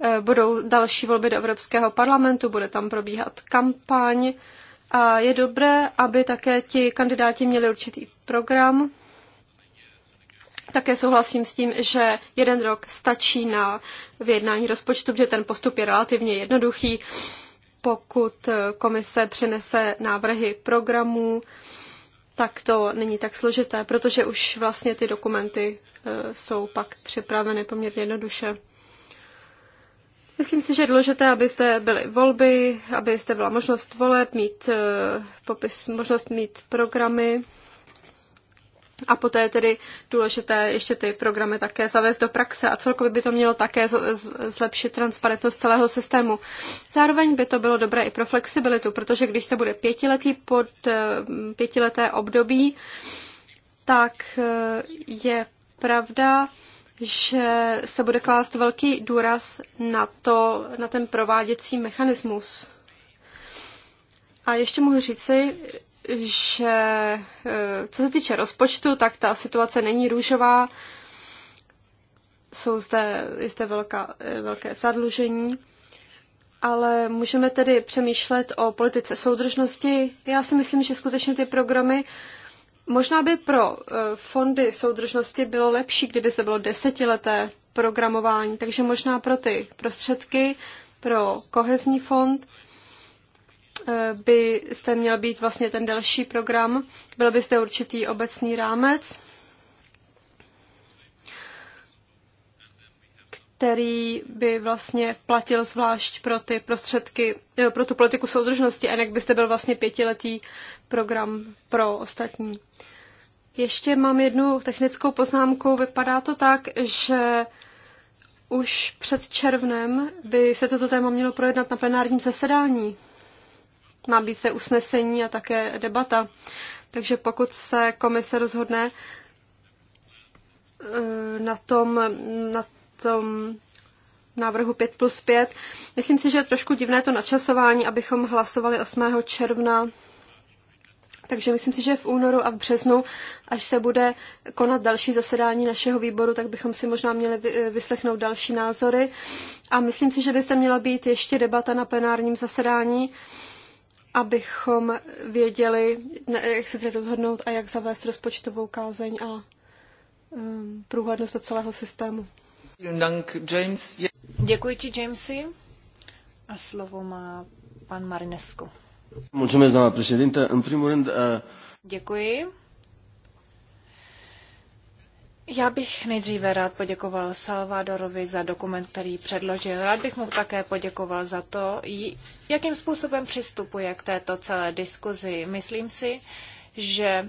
eh, budou další volby do Evropského parlamentu, bude tam probíhat kampaň a je dobré, aby také ti kandidáti měli určitý program. Také souhlasím s tím, že jeden rok stačí na vyjednání rozpočtu, protože ten postup je relativně jednoduchý, pokud eh, komise přinese návrhy programů, tak to není tak složité, protože už vlastně ty dokumenty e, jsou pak připraveny poměrně jednoduše. Myslím si, že je důležité, abyste byly volby, abyste byla možnost voleb, mít e, popis, možnost mít programy a poté je tedy důležité ještě ty programy také zavést do praxe a celkově by to mělo také zlepšit transparentnost celého systému. Zároveň by to bylo dobré i pro flexibilitu, protože když to bude pětiletý pod eh, pětileté období, tak eh, je pravda, že se bude klást velký důraz na, to, na ten prováděcí mechanismus. A ještě mohu říci, že eh, co se týče rozpočtu, tak ta situace není růžová. Jsou zde jisté velká, eh, velké zadlužení, ale můžeme tedy přemýšlet o politice soudržnosti. Já si myslím, že skutečně ty programy možná by pro eh, fondy soudržnosti bylo lepší, kdyby se bylo desetileté programování, takže možná pro ty prostředky, pro kohezní fond – Eh, byste měl být vlastně ten další program? Byl byste určitý obecný rámec, který by vlastně platil zvlášť pro ty prostředky, eh, pro tu politiku soudržnosti, a jak byste byl vlastně pětiletý program pro ostatní. Ještě mám jednu technickou poznámku. Vypadá to tak, že už před červnem by se toto téma mělo projednat na plenárním zasedání má být se usnesení a také debata. Takže pokud se komise rozhodne eh, na tom, na tom návrhu 5 plus 5. Myslím si, že je trošku divné to načasování, abychom hlasovali 8. června. Takže myslím si, že v únoru a v březnu, až se bude konat další zasedání našeho výboru, tak bychom si možná měli vyslechnout další názory. A myslím si, že by se měla být ještě debata na plenárním zasedání abychom věděli, jak se tedy rozhodnout a jak zavést rozpočtovou kázeň a um, průhlednost do celého systému. Děkuji ti, Jamesy. A slovo má pan Marinesko. Uh, Děkuji. Já bych nejdříve rád poděkoval Salvadorovi za dokument, který předložil. Rád bych mu také poděkoval za to, jakým způsobem přistupuje k této celé diskuzi. Myslím si, že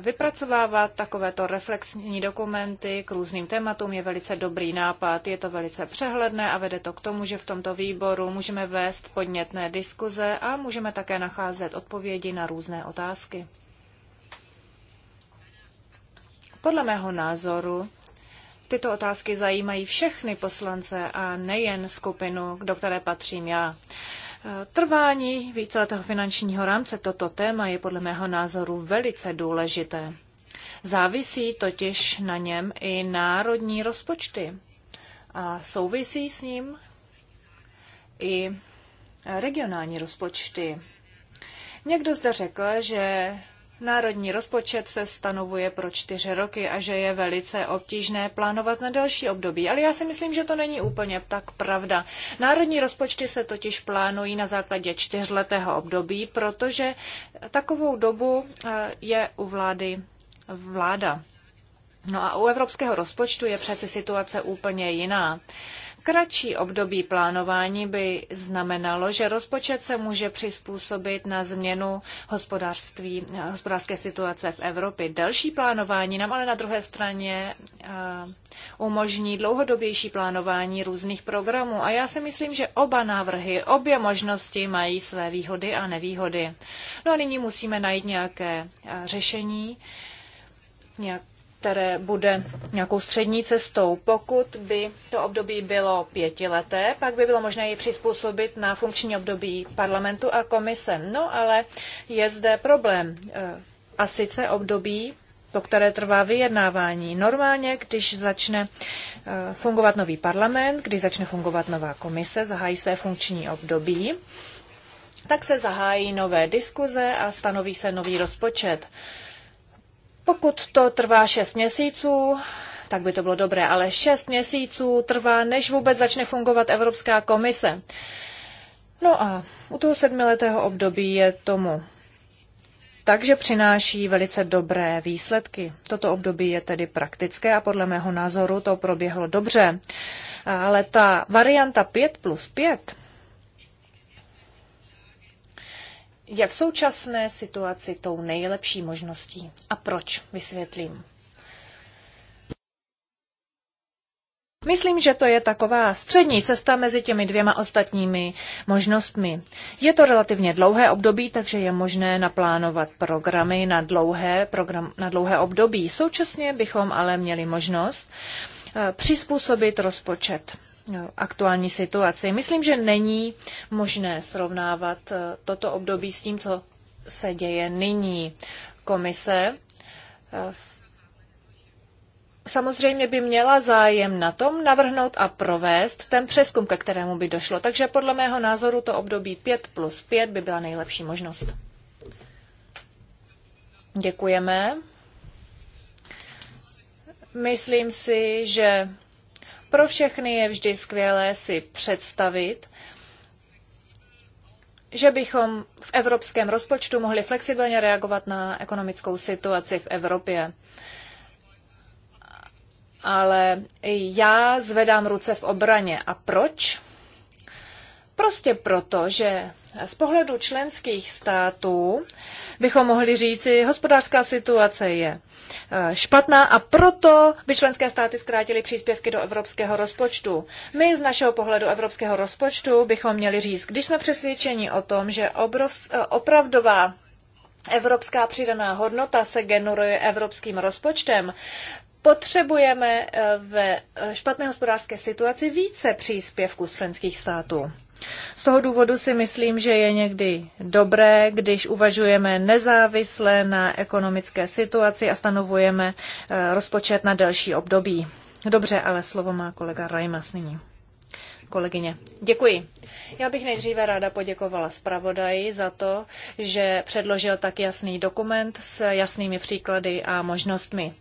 vypracovávat takovéto reflexní dokumenty k různým tématům je velice dobrý nápad. Je to velice přehledné a vede to k tomu, že v tomto výboru můžeme vést podnětné diskuze a můžeme také nacházet odpovědi na různé otázky. Podle mého názoru tyto otázky zajímají všechny poslance a nejen skupinu, do které patřím já. E, trvání víceletého finančního rámce toto téma je podle mého názoru velice důležité. Závisí totiž na něm i národní rozpočty a souvisí s ním i regionální rozpočty. Někdo zde řekl, že národní rozpočet se stanovuje pro čtyři roky a že je velice obtížné plánovat na další období. Ale já si myslím, že to není úplně tak pravda. Národní rozpočty se totiž plánují na základě čtyřletého období, protože takovou dobu eh, je u vlády vláda. No a u evropského rozpočtu je přece situace úplně jiná. Kratší období plánování by znamenalo, že rozpočet se může přizpůsobit na změnu hospodářství, hospodářské situace v Evropě. Další plánování nám ale na druhé straně eh, umožní dlouhodobější plánování různých programů. A já si myslím, že oba návrhy, obě možnosti mají své výhody a nevýhody. No a nyní musíme najít nějaké eh, řešení, nějak které bude nějakou střední cestou. Pokud by to období bylo pětileté, pak by bylo možné ji přizpůsobit na funkční období parlamentu a komise. No ale je zde problém. Eh, a sice období, po které trvá vyjednávání. Normálně, když začne eh, fungovat nový parlament, když začne fungovat nová komise, zahájí své funkční období, tak se zahájí nové diskuze a stanoví se nový rozpočet. Pokud to trvá 6 měsíců, tak by to bylo dobré, ale 6 měsíců trvá, než vůbec začne fungovat Evropská komise. No a u toho sedmiletého období je tomu. Takže přináší velice dobré výsledky. Toto období je tedy praktické a podle mého názoru to proběhlo dobře. Ale ta varianta 5 plus 5 je v současné situaci tou nejlepší možností. A proč? Vysvětlím. Myslím, že to je taková střední cesta mezi těmi dvěma ostatními možnostmi. Je to relativně dlouhé období, takže je možné naplánovat programy na dlouhé, program, na dlouhé období. Současně bychom ale měli možnost eh, přizpůsobit rozpočet aktuální situaci. Myslím, že není možné srovnávat eh, toto období s tím, co se děje nyní. Komise eh, samozřejmě by měla zájem na tom navrhnout a provést ten přeskum, ke kterému by došlo. Takže podle mého názoru to období 5 plus 5 by byla nejlepší možnost. Děkujeme. Myslím si, že pro všechny je vždy skvělé si představit, že bychom v evropském rozpočtu mohli flexibilně reagovat na ekonomickou situaci v Evropě. Ale já zvedám ruce v obraně. A proč? Prostě proto, že z pohledu členských států bychom mohli říci, hospodářská situace je eh, špatná a proto by členské státy zkrátily příspěvky do evropského rozpočtu. My z našeho pohledu evropského rozpočtu bychom měli říct, když jsme přesvědčeni o tom, že obrovs, eh, opravdová evropská přidaná hodnota se generuje evropským rozpočtem, potřebujeme eh, ve špatné hospodářské situaci více příspěvků z členských států. Z toho důvodu si myslím, že je někdy dobré, když uvažujeme nezávisle na ekonomické situaci a stanovujeme eh, rozpočet na delší období. Dobře, ale slovo má kolega Raimas nyní kolegyně. Děkuji. Já bych nejdříve ráda poděkovala zpravodaji za to, že předložil tak jasný dokument s jasnými příklady a možnostmi.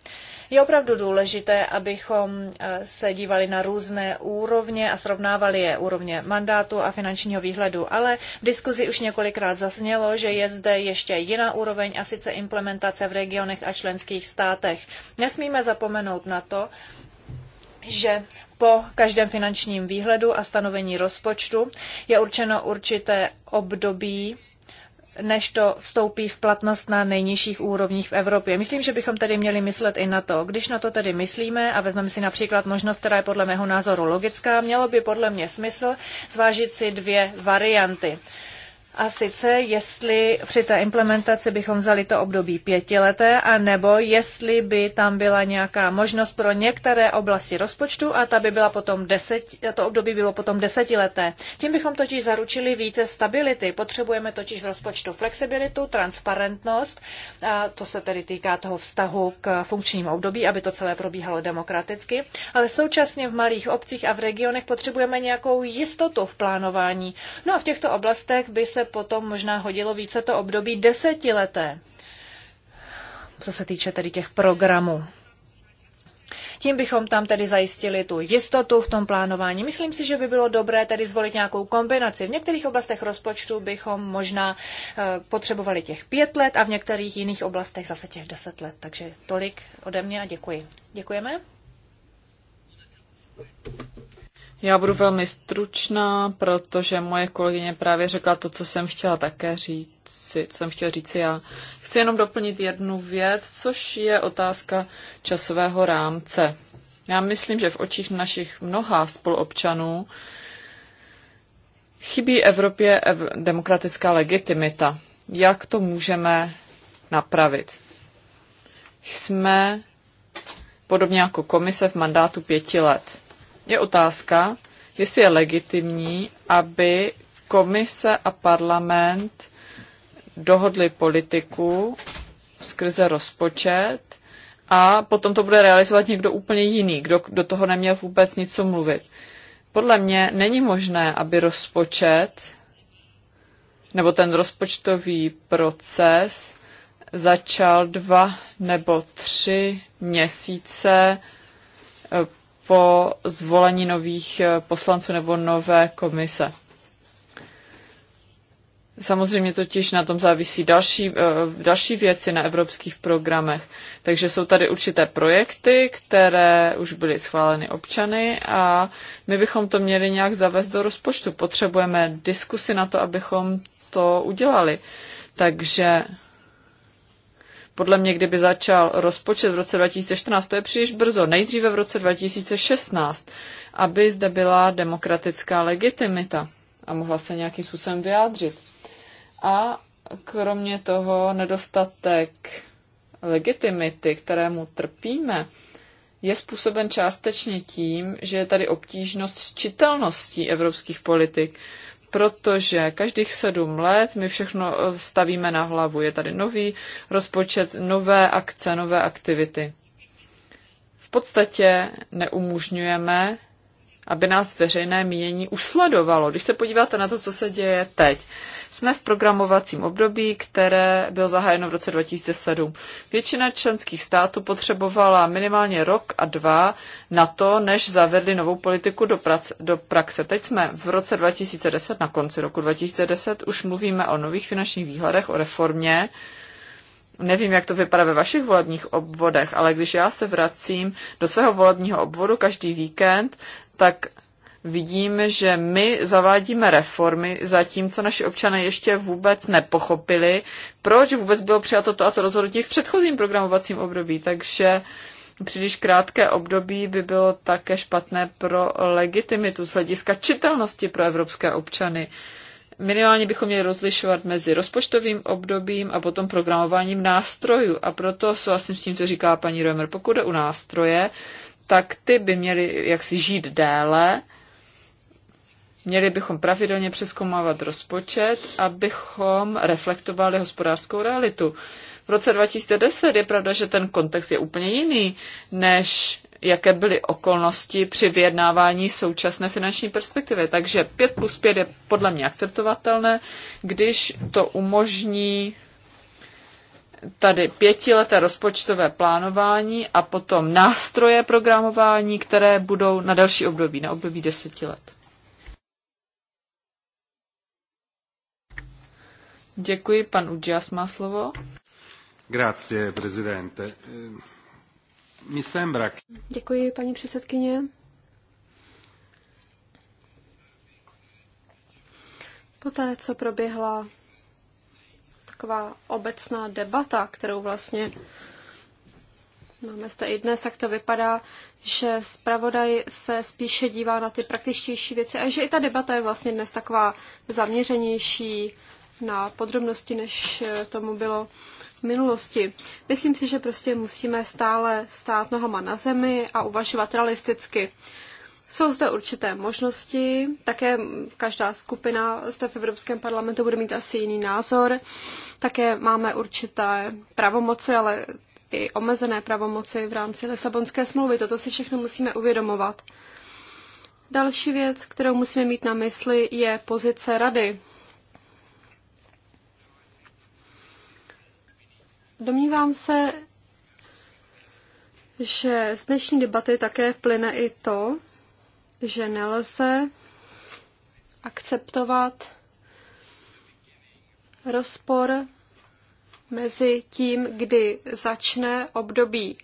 Je opravdu důležité, abychom eh, se dívali na různé úrovně a srovnávali je úrovně mandátu a finančního výhledu, ale v diskuzi už několikrát zaznělo, že je zde ještě jiná úroveň a sice implementace v regionech a členských státech. Nesmíme zapomenout na to, že po každém finančním výhledu a stanovení rozpočtu je určeno určité období, než to vstoupí v platnost na nejnižších úrovních v Evropě. Myslím, že bychom tedy měli myslet i na to. Když na to tedy myslíme a vezmeme si například možnost, která je podle mého názoru logická, mělo by podle mě smysl zvážit si dvě varianty. A sice, jestli při té implementaci bychom vzali to období pětileté, anebo jestli by tam byla nějaká možnost pro některé oblasti rozpočtu a ta by byla potom deset, to období bylo potom desetileté. Tím bychom totiž zaručili více stability. Potřebujeme totiž v rozpočtu flexibilitu, transparentnost, a to se tedy týká toho vztahu k funkčním období, aby to celé probíhalo demokraticky, ale současně v malých obcích a v regionech potřebujeme nějakou jistotu v plánování. No a v těchto oblastech by se potom možná hodilo více to období desetileté, co se týče tedy těch programů. Tím bychom tam tedy zajistili tu jistotu v tom plánování. Myslím si, že by bylo dobré tedy zvolit nějakou kombinaci. V některých oblastech rozpočtu bychom možná eh, potřebovali těch pět let a v některých jiných oblastech zase těch deset let. Takže tolik ode mě a děkuji. Děkujeme. Já budu velmi stručná, protože moje kolegyně právě řekla to, co jsem chtěla také říct, co jsem chtěla říct já. Chci jenom doplnit jednu věc, což je otázka časového rámce. Já myslím, že v očích našich mnoha spoluobčanů chybí Evropě ev- demokratická legitimita. Jak to můžeme napravit? Jsme podobně jako komise v mandátu pěti let je otázka, jestli je legitimní, aby komise a parlament dohodli politiku skrze rozpočet a potom to bude realizovat někdo úplně jiný, kdo do toho neměl vůbec nic co mluvit. Podle mě není možné, aby rozpočet nebo ten rozpočtový proces začal dva nebo tři měsíce eh, po zvolení nových eh, poslanců nebo nové komise. Samozřejmě totiž na tom závisí další, eh, další věci na evropských programech. Takže jsou tady určité projekty, které už byly schváleny občany a my bychom to měli nějak zavést do rozpočtu. Potřebujeme diskusy na to, abychom to udělali. Takže podle mě, kdyby začal rozpočet v roce 2014, to je příliš brzo, nejdříve v roce 2016, aby zde byla demokratická legitimita a mohla se nějakým způsobem vyjádřit. A kromě toho nedostatek legitimity, kterému trpíme, je způsoben částečně tím, že je tady obtížnost s čitelností evropských politik protože každých sedm let my všechno eh, stavíme na hlavu. Je tady nový rozpočet, nové akce, nové aktivity. V podstatě neumožňujeme, aby nás veřejné mínění usledovalo. Když se podíváte na to, co se děje teď, jsme v programovacím období, které bylo zahájeno v roce 2007. Většina členských států potřebovala minimálně rok a dva na to, než zavedli novou politiku do, prac, do praxe. Teď jsme v roce 2010, na konci roku 2010, už mluvíme o nových finančních výhledech, o reformě. Nevím, jak to vypadá ve vašich volebních obvodech, ale když já se vracím do svého volebního obvodu každý víkend, tak vidíme, že my zavádíme reformy, zatímco naši občané ještě vůbec nepochopili, proč vůbec bylo přijato to a to rozhodnutí v předchozím programovacím období. Takže příliš krátké období by bylo také špatné pro legitimitu z hlediska čitelnosti pro evropské občany. Minimálně bychom měli rozlišovat mezi rozpočtovým obdobím a potom programováním nástrojů. A proto souhlasím s tím, co říká paní Römer. Pokud jde u nástroje, tak ty by měly jaksi žít déle, Měli bychom pravidelně přeskoumávat rozpočet, abychom reflektovali hospodářskou realitu. V roce 2010 je pravda, že ten kontext je úplně jiný, než jaké byly okolnosti při vyjednávání současné finanční perspektivy. Takže 5 plus 5 je podle mě akceptovatelné, když to umožní tady pětileté rozpočtové plánování a potom nástroje programování, které budou na další období, na období deseti let. Děkuji, pan Udžas má slovo. Grazie, prezidente. Mi sembra... Děkuji, paní předsedkyně. Poté, co proběhla taková obecná debata, kterou vlastně máme zde i dnes, tak to vypadá, že zpravodaj se spíše dívá na ty praktičtější věci a že i ta debata je vlastně dnes taková zaměřenější, na podrobnosti, než eh, tomu bylo v minulosti. Myslím si, že prostě musíme stále stát nohama na zemi a uvažovat realisticky. Jsou zde určité možnosti, také každá skupina zde v Evropském parlamentu bude mít asi jiný názor. Také máme určité pravomoci, ale i omezené pravomoci v rámci Lisabonské smlouvy. Toto si všechno musíme uvědomovat. Další věc, kterou musíme mít na mysli, je pozice rady. Domnívám se, že z dnešní debaty také plyne i to, že nelze akceptovat rozpor mezi tím, kdy začne období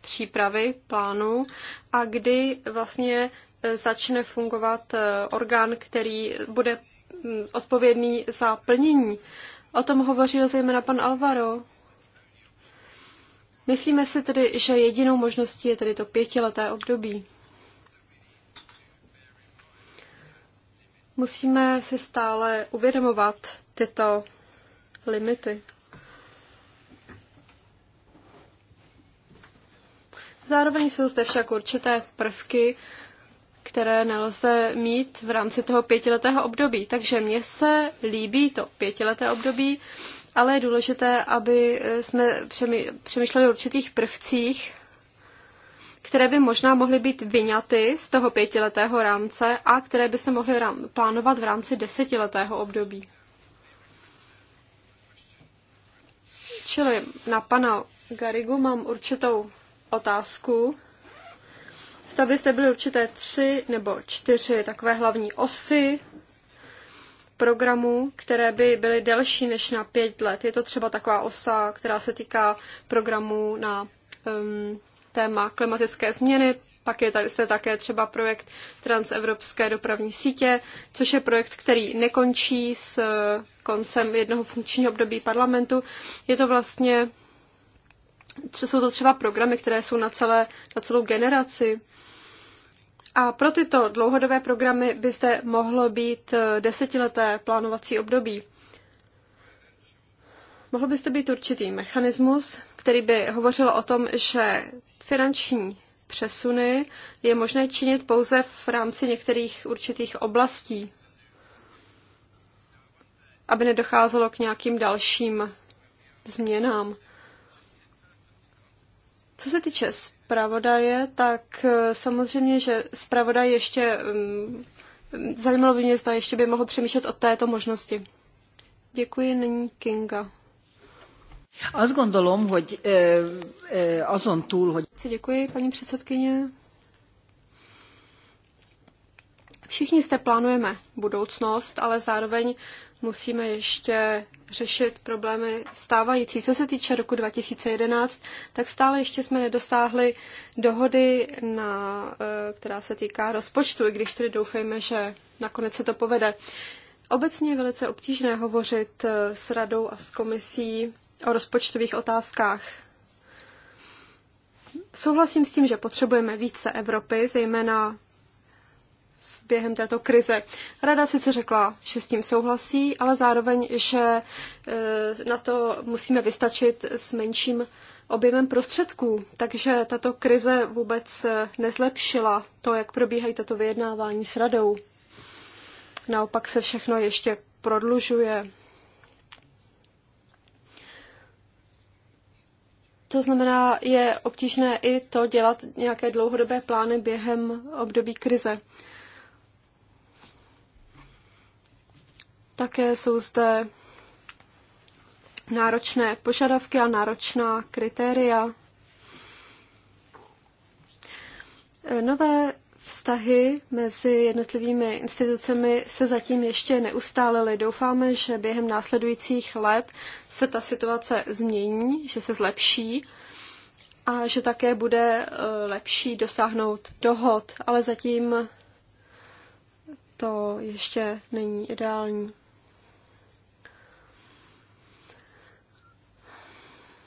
přípravy plánu a kdy vlastně e, začne fungovat e, orgán, který bude mm, odpovědný za plnění. O tom hovořil zejména pan Alvaro. Myslíme si tedy, že jedinou možností je tedy to pětileté období. Musíme si stále uvědomovat tyto limity. Zároveň jsou zde však určité prvky, které nelze mít v rámci toho pětiletého období. Takže mně se líbí to pětileté období, ale je důležité, aby eh, jsme přemýšleli o určitých prvcích, které by možná mohly být vyňaty z toho pětiletého rámce a které by se mohly plánovat v rámci desetiletého období. Čili na pana Garigu mám určitou otázku. Zda byste byly určité tři nebo čtyři takové hlavní osy, programů, které by byly delší než na pět let. Je to třeba taková osa, která se týká programů na um, téma klimatické změny, pak je tady se také třeba projekt Transevropské dopravní sítě, což je projekt, který nekončí s eh, koncem jednoho funkčního období parlamentu. Je to vlastně, jsou to třeba programy, které jsou na, celé, na celou generaci. A pro tyto dlouhodobé programy by zde mohlo být eh, desetileté plánovací období. Mohl byste být určitý mechanismus, který by hovořil o tom, že finanční přesuny je možné činit pouze v rámci některých určitých oblastí, aby nedocházelo k nějakým dalším změnám. Co se týče zpravodaje, tak eh, samozřejmě, že zpravodaj ještě, mm, zajímalo by mě, zda ještě by mohl přemýšlet o této možnosti. Děkuji, není Kinga. Azt gondolom, hogy eh, eh, azon túl, hogy... Děkuji, paní předsedkyně. Všichni zde plánujeme budoucnost, ale zároveň musíme ještě řešit problémy stávající. Co se týče roku 2011, tak stále ještě jsme nedosáhli dohody, na, eh, která se týká rozpočtu, i když tedy doufejme, že nakonec se to povede. Obecně je velice obtížné hovořit eh, s radou a s komisí o rozpočtových otázkách. Souhlasím s tím, že potřebujeme více Evropy, zejména během této krize. Rada sice řekla, že s tím souhlasí, ale zároveň, že e, na to musíme vystačit s menším objemem prostředků, takže tato krize vůbec e, nezlepšila to, jak probíhají tato vyjednávání s radou. Naopak se všechno ještě prodlužuje. To znamená, je obtížné i to dělat nějaké dlouhodobé plány během období krize. Také jsou zde náročné požadavky a náročná kritéria. Nové vztahy mezi jednotlivými institucemi se zatím ještě neustálily. Doufáme, že během následujících let se ta situace změní, že se zlepší a že také bude eh, lepší dosáhnout dohod, ale zatím to ještě není ideální.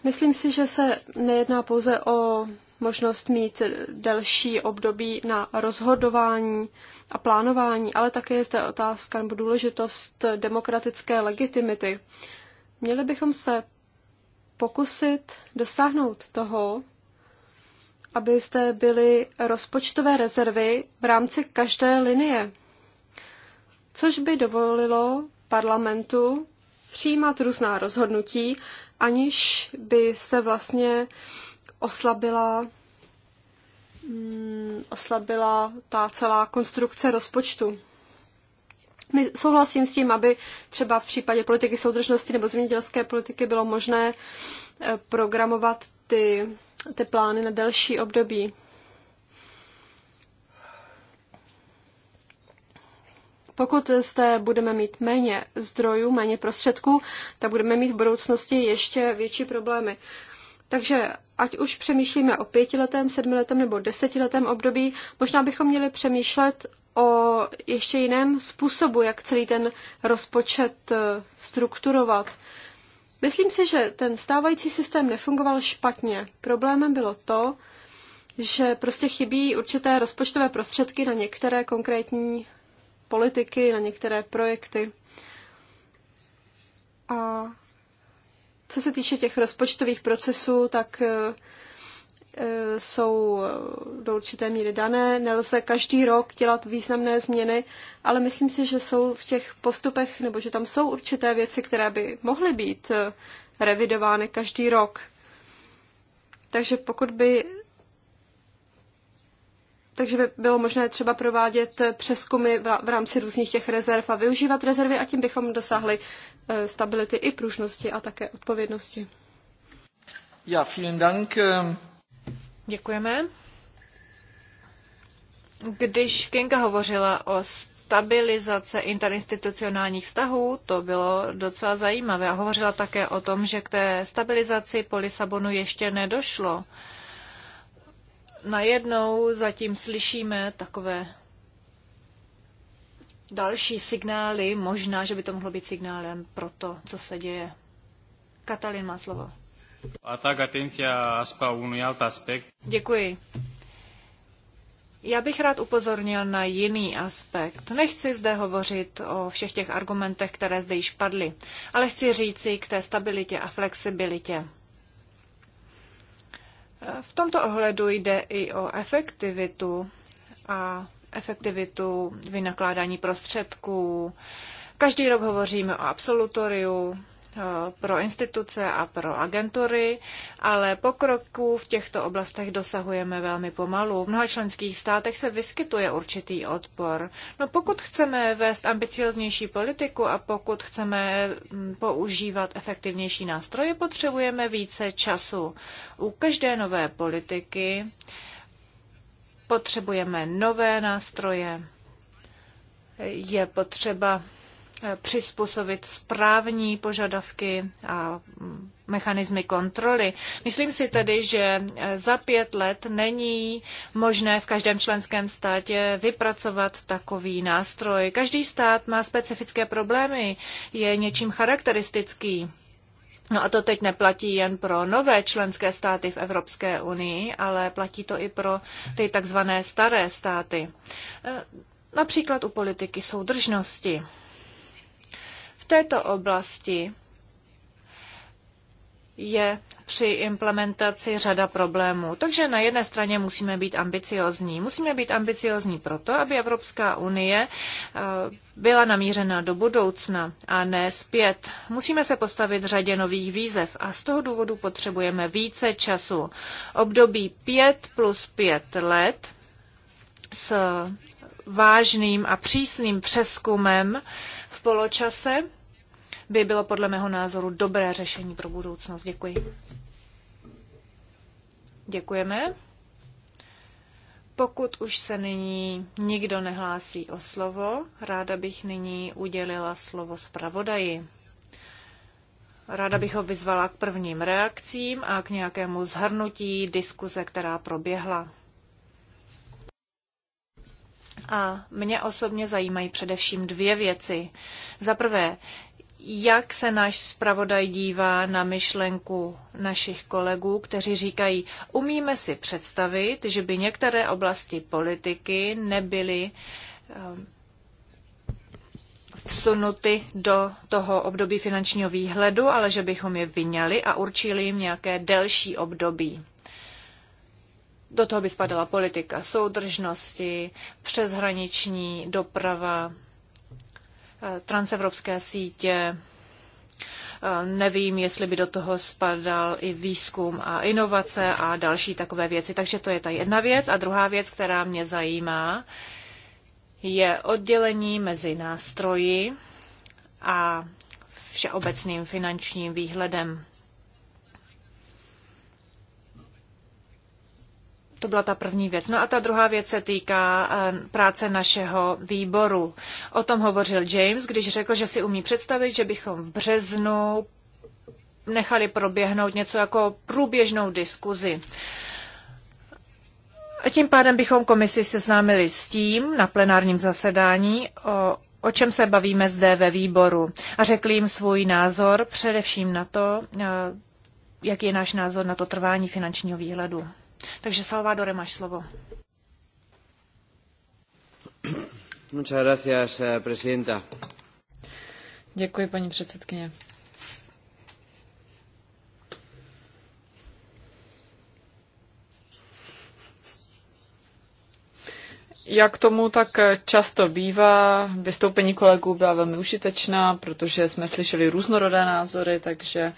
Myslím si, že se nejedná pouze o možnost mít delší období na rozhodování a plánování, ale také je zde otázka nebo důležitost demokratické legitimity. Měli bychom se pokusit dosáhnout toho, aby zde byly rozpočtové rezervy v rámci každé linie, což by dovolilo parlamentu přijímat různá rozhodnutí, aniž by se vlastně oslabila, mm, oslabila ta celá konstrukce rozpočtu. My souhlasím s tím, aby třeba v případě politiky soudržnosti nebo zemědělské politiky bylo možné eh, programovat ty, ty plány na delší období. Pokud zde budeme mít méně zdrojů, méně prostředků, tak budeme mít v budoucnosti ještě větší problémy. Takže ať už přemýšlíme o pětiletém, sedmiletém nebo desetiletém období, možná bychom měli přemýšlet o ještě jiném způsobu, jak celý ten rozpočet eh, strukturovat. Myslím si, že ten stávající systém nefungoval špatně. Problémem bylo to, že prostě chybí určité rozpočtové prostředky na některé konkrétní politiky, na některé projekty. A co se týče těch rozpočtových procesů, tak e, e, jsou e, do určité míry dané. Nelze každý rok dělat významné změny, ale myslím si, že jsou v těch postupech, nebo že tam jsou určité věci, které by mohly být revidovány každý rok. Takže pokud by takže by bylo možné třeba provádět přeskumy v rámci různých těch rezerv a využívat rezervy a tím bychom dosáhli eh, stability i pružnosti a také odpovědnosti. Ja, vielen Dank. Eh. Děkujeme. Když Kinka hovořila o stabilizace interinstitucionálních vztahů, to bylo docela zajímavé. A hovořila také o tom, že k té stabilizaci po Lisabonu ještě nedošlo. Uh, najednou zatím slyšíme takové další signály, možná, že by to mohlo být signálem pro to, co se děje. Katalin má slovo. Děkuji. Já bych rád upozornil na jiný aspekt. Nechci zde hovořit o všech těch argumentech, které zde již padly, ale chci říci k té stabilitě a flexibilitě. V tomto ohledu jde i o efektivitu a efektivitu vynakládání prostředků. Každý rok hovoříme o absolutoriu, Eh, pro instituce a pro agentury, ale pokroků v těchto oblastech dosahujeme velmi pomalu. V mnoha členských státech se vyskytuje určitý odpor. No pokud chceme vést ambicioznější politiku a pokud chceme mm, používat efektivnější nástroje, potřebujeme více času. U každé nové politiky potřebujeme nové nástroje, je potřeba přizpůsobit správní požadavky a mechanismy kontroly. Myslím si tedy, že za pět let není možné v každém členském státě vypracovat takový nástroj. Každý stát má specifické problémy, je něčím charakteristický. No a to teď neplatí jen pro nové členské státy v Evropské unii, ale platí to i pro ty takzvané staré státy. E, například u politiky soudržnosti. V této oblasti je při implementaci řada problémů. Takže na jedné straně musíme být ambiciozní. Musíme být ambiciozní proto, aby Evropská unie eh, byla namířena do budoucna a ne zpět. Musíme se postavit řadě nových výzev a z toho důvodu potřebujeme více času. Období 5 plus 5 let s vážným a přísným přeskumem poločase by bylo podle mého názoru dobré řešení pro budoucnost. Děkuji. Děkujeme. Pokud už se nyní nikdo nehlásí o slovo, ráda bych nyní udělila slovo zpravodaji. Ráda bych ho vyzvala k prvním reakcím a k nějakému zhrnutí diskuze, která proběhla. A mě osobně zajímají především dvě věci. Za prvé, jak se náš zpravodaj dívá na myšlenku našich kolegů, kteří říkají, umíme si představit, že by některé oblasti politiky nebyly ehm, vsunuty do toho období finančního výhledu, ale že bychom je vyňali a určili jim nějaké delší období. Do toho by spadala politika soudržnosti, přeshraniční doprava, eh, transevropské sítě. Eh, nevím, jestli by do toho spadal i výzkum a inovace a další takové věci. Takže to je ta jedna věc. A druhá věc, která mě zajímá, je oddělení mezi nástroji a všeobecným finančním výhledem. To byla ta první věc. No a ta druhá věc se týká eh, práce našeho výboru. O tom hovořil James, když řekl, že si umí představit, že bychom v březnu nechali proběhnout něco jako průběžnou diskuzi. Tím pádem bychom komisi seznámili s tím na plenárním zasedání, o, o čem se bavíme zde ve výboru. A řekli jim svůj názor především na to, eh, jaký je náš názor na to trvání finančního výhledu. Takže Salvadore, máš slovo. Muchas gracias, eh, presidenta. Děkuji, paní předsedkyně. Jak tomu tak často bývá, vystoupení kolegů byla velmi užitečná, protože jsme slyšeli různorodé názory, takže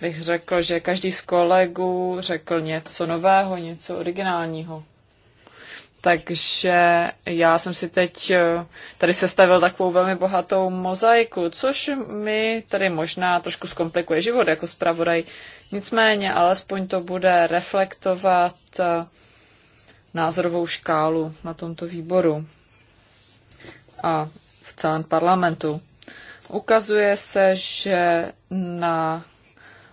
bych řekl, že každý z kolegů řekl něco nového, něco originálního. Takže já jsem si teď eh, tady sestavil takovou velmi bohatou mozaiku, což mi tady možná trošku zkomplikuje život jako zpravodaj. Nicméně, alespoň to bude reflektovat eh, názorovou škálu na tomto výboru a v celém parlamentu. Ukazuje se, že na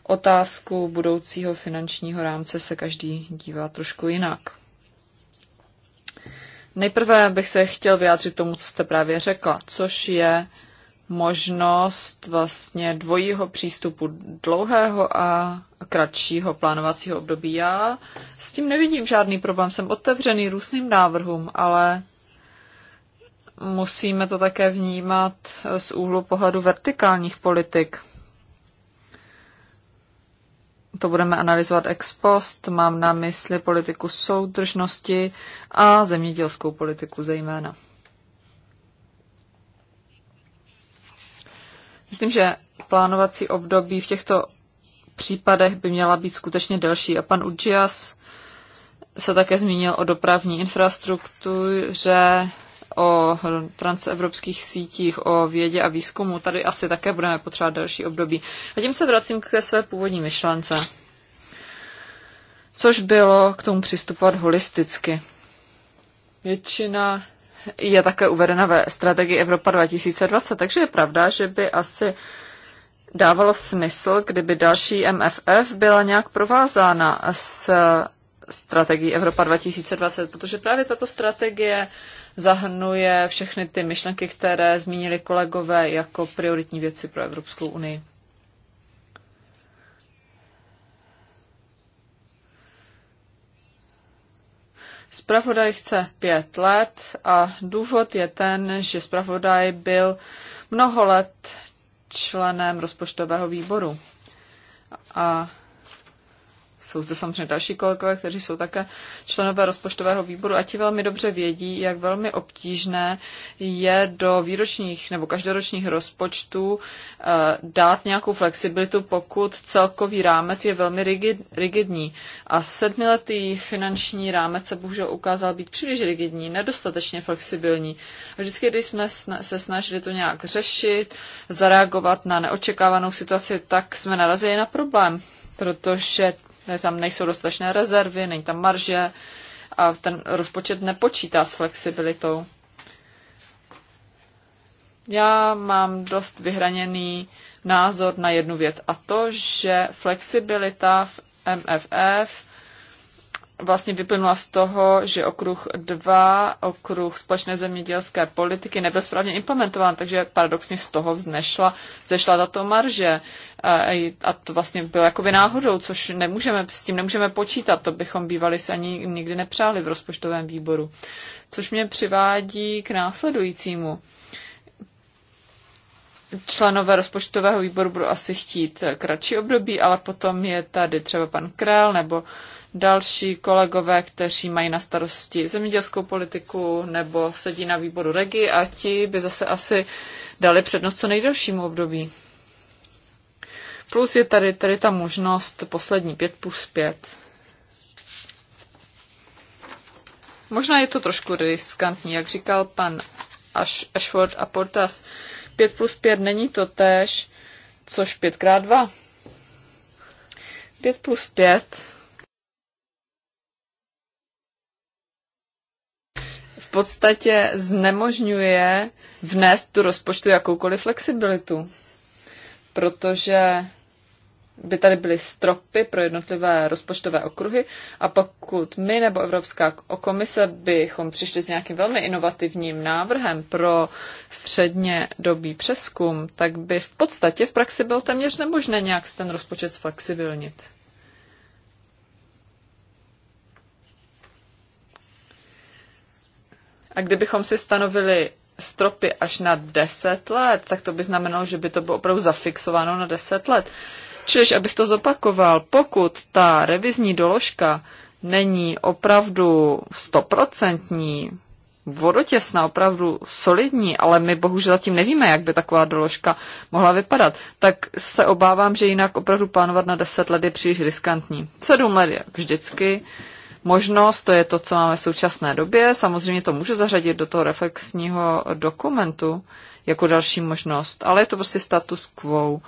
otázku budoucího finančního rámce se každý dívá trošku jinak. Nejprve bych se chtěl vyjádřit tomu, co jste právě řekla, což je možnost vlastně dvojího přístupu dlouhého a kratšího plánovacího období. Já s tím nevidím žádný problém, jsem otevřený různým návrhům, ale musíme to také vnímat z úhlu pohledu vertikálních politik to budeme analyzovat ex post, mám na mysli politiku soudržnosti a zemědělskou politiku zejména. Myslím, že plánovací období v těchto případech by měla být skutečně delší. A pan Udžias se také zmínil o dopravní infrastruktuře, o transevropských sítích, o vědě a výzkumu. Tady asi také budeme potřebovat další období. A tím se vracím ke své původní myšlence, což bylo k tomu přistupovat holisticky. Většina je také uvedena ve strategii Evropa 2020, takže je pravda, že by asi dávalo smysl, kdyby další MFF byla nějak provázána s strategií Evropa 2020, protože právě tato strategie zahrnuje všechny ty myšlenky, které zmínili kolegové jako prioritní věci pro Evropskou unii. Spravodaj chce pět let a důvod je ten, že spravodaj byl mnoho let členem rozpočtového výboru. A jsou zde samozřejmě další kolegové, kteří jsou také členové rozpočtového výboru a ti velmi dobře vědí, jak velmi obtížné je do výročních nebo každoročních rozpočtů eh, dát nějakou flexibilitu, pokud celkový rámec je velmi rigid, rigidní. A sedmiletý finanční rámec se bohužel ukázal být příliš rigidní, nedostatečně flexibilní. A vždycky, když jsme se snažili to nějak řešit, zareagovat na neočekávanou situaci, tak jsme narazili na problém protože tam nejsou dostatečné rezervy, není tam marže a ten rozpočet nepočítá s flexibilitou. Já mám dost vyhraněný názor na jednu věc a to, že flexibilita v MFF vlastně vyplynula z toho, že okruh 2, okruh společné zemědělské politiky nebyl správně implementován, takže paradoxně z toho vznešla, zešla tato marže. A to vlastně bylo jakoby náhodou, což nemůžeme, s tím nemůžeme počítat, to bychom bývali se ani nikdy nepřáli v rozpočtovém výboru. Což mě přivádí k následujícímu členové rozpočtového výboru budou asi chtít kratší období, ale potom je tady třeba pan Král nebo další kolegové, kteří mají na starosti zemědělskou politiku nebo sedí na výboru regi a ti by zase asi dali přednost co nejdelšímu období. Plus je tady, tady ta možnost poslední pět plus pět. Možná je to trošku riskantní, jak říkal pan Ashford a Portas. 5 plus 5 není to též, což 5 x 2. 5 plus 5 podstatě znemožňuje vnést tu rozpočtu jakoukoliv flexibilitu, protože by tady byly stropy pro jednotlivé rozpočtové okruhy a pokud my nebo Evropská komise bychom přišli s nějakým velmi inovativním návrhem pro středně dobý přeskum, tak by v podstatě v praxi bylo téměř nemožné nějak ten rozpočet zflexibilnit. A kdybychom si stanovili stropy až na 10 let, tak to by znamenalo, že by to bylo opravdu zafixováno na 10 let. Čiliž, abych to zopakoval, pokud ta revizní doložka není opravdu stoprocentní, vodotěsná, opravdu solidní, ale my bohužel zatím nevíme, jak by taková doložka mohla vypadat, tak se obávám, že jinak opravdu plánovat na 10 let je příliš riskantní. 7 let je vždycky možnost, to je to, co máme v současné době. Samozřejmě to můžu zařadit do toho reflexního dokumentu jako další možnost, ale je to prostě status quo.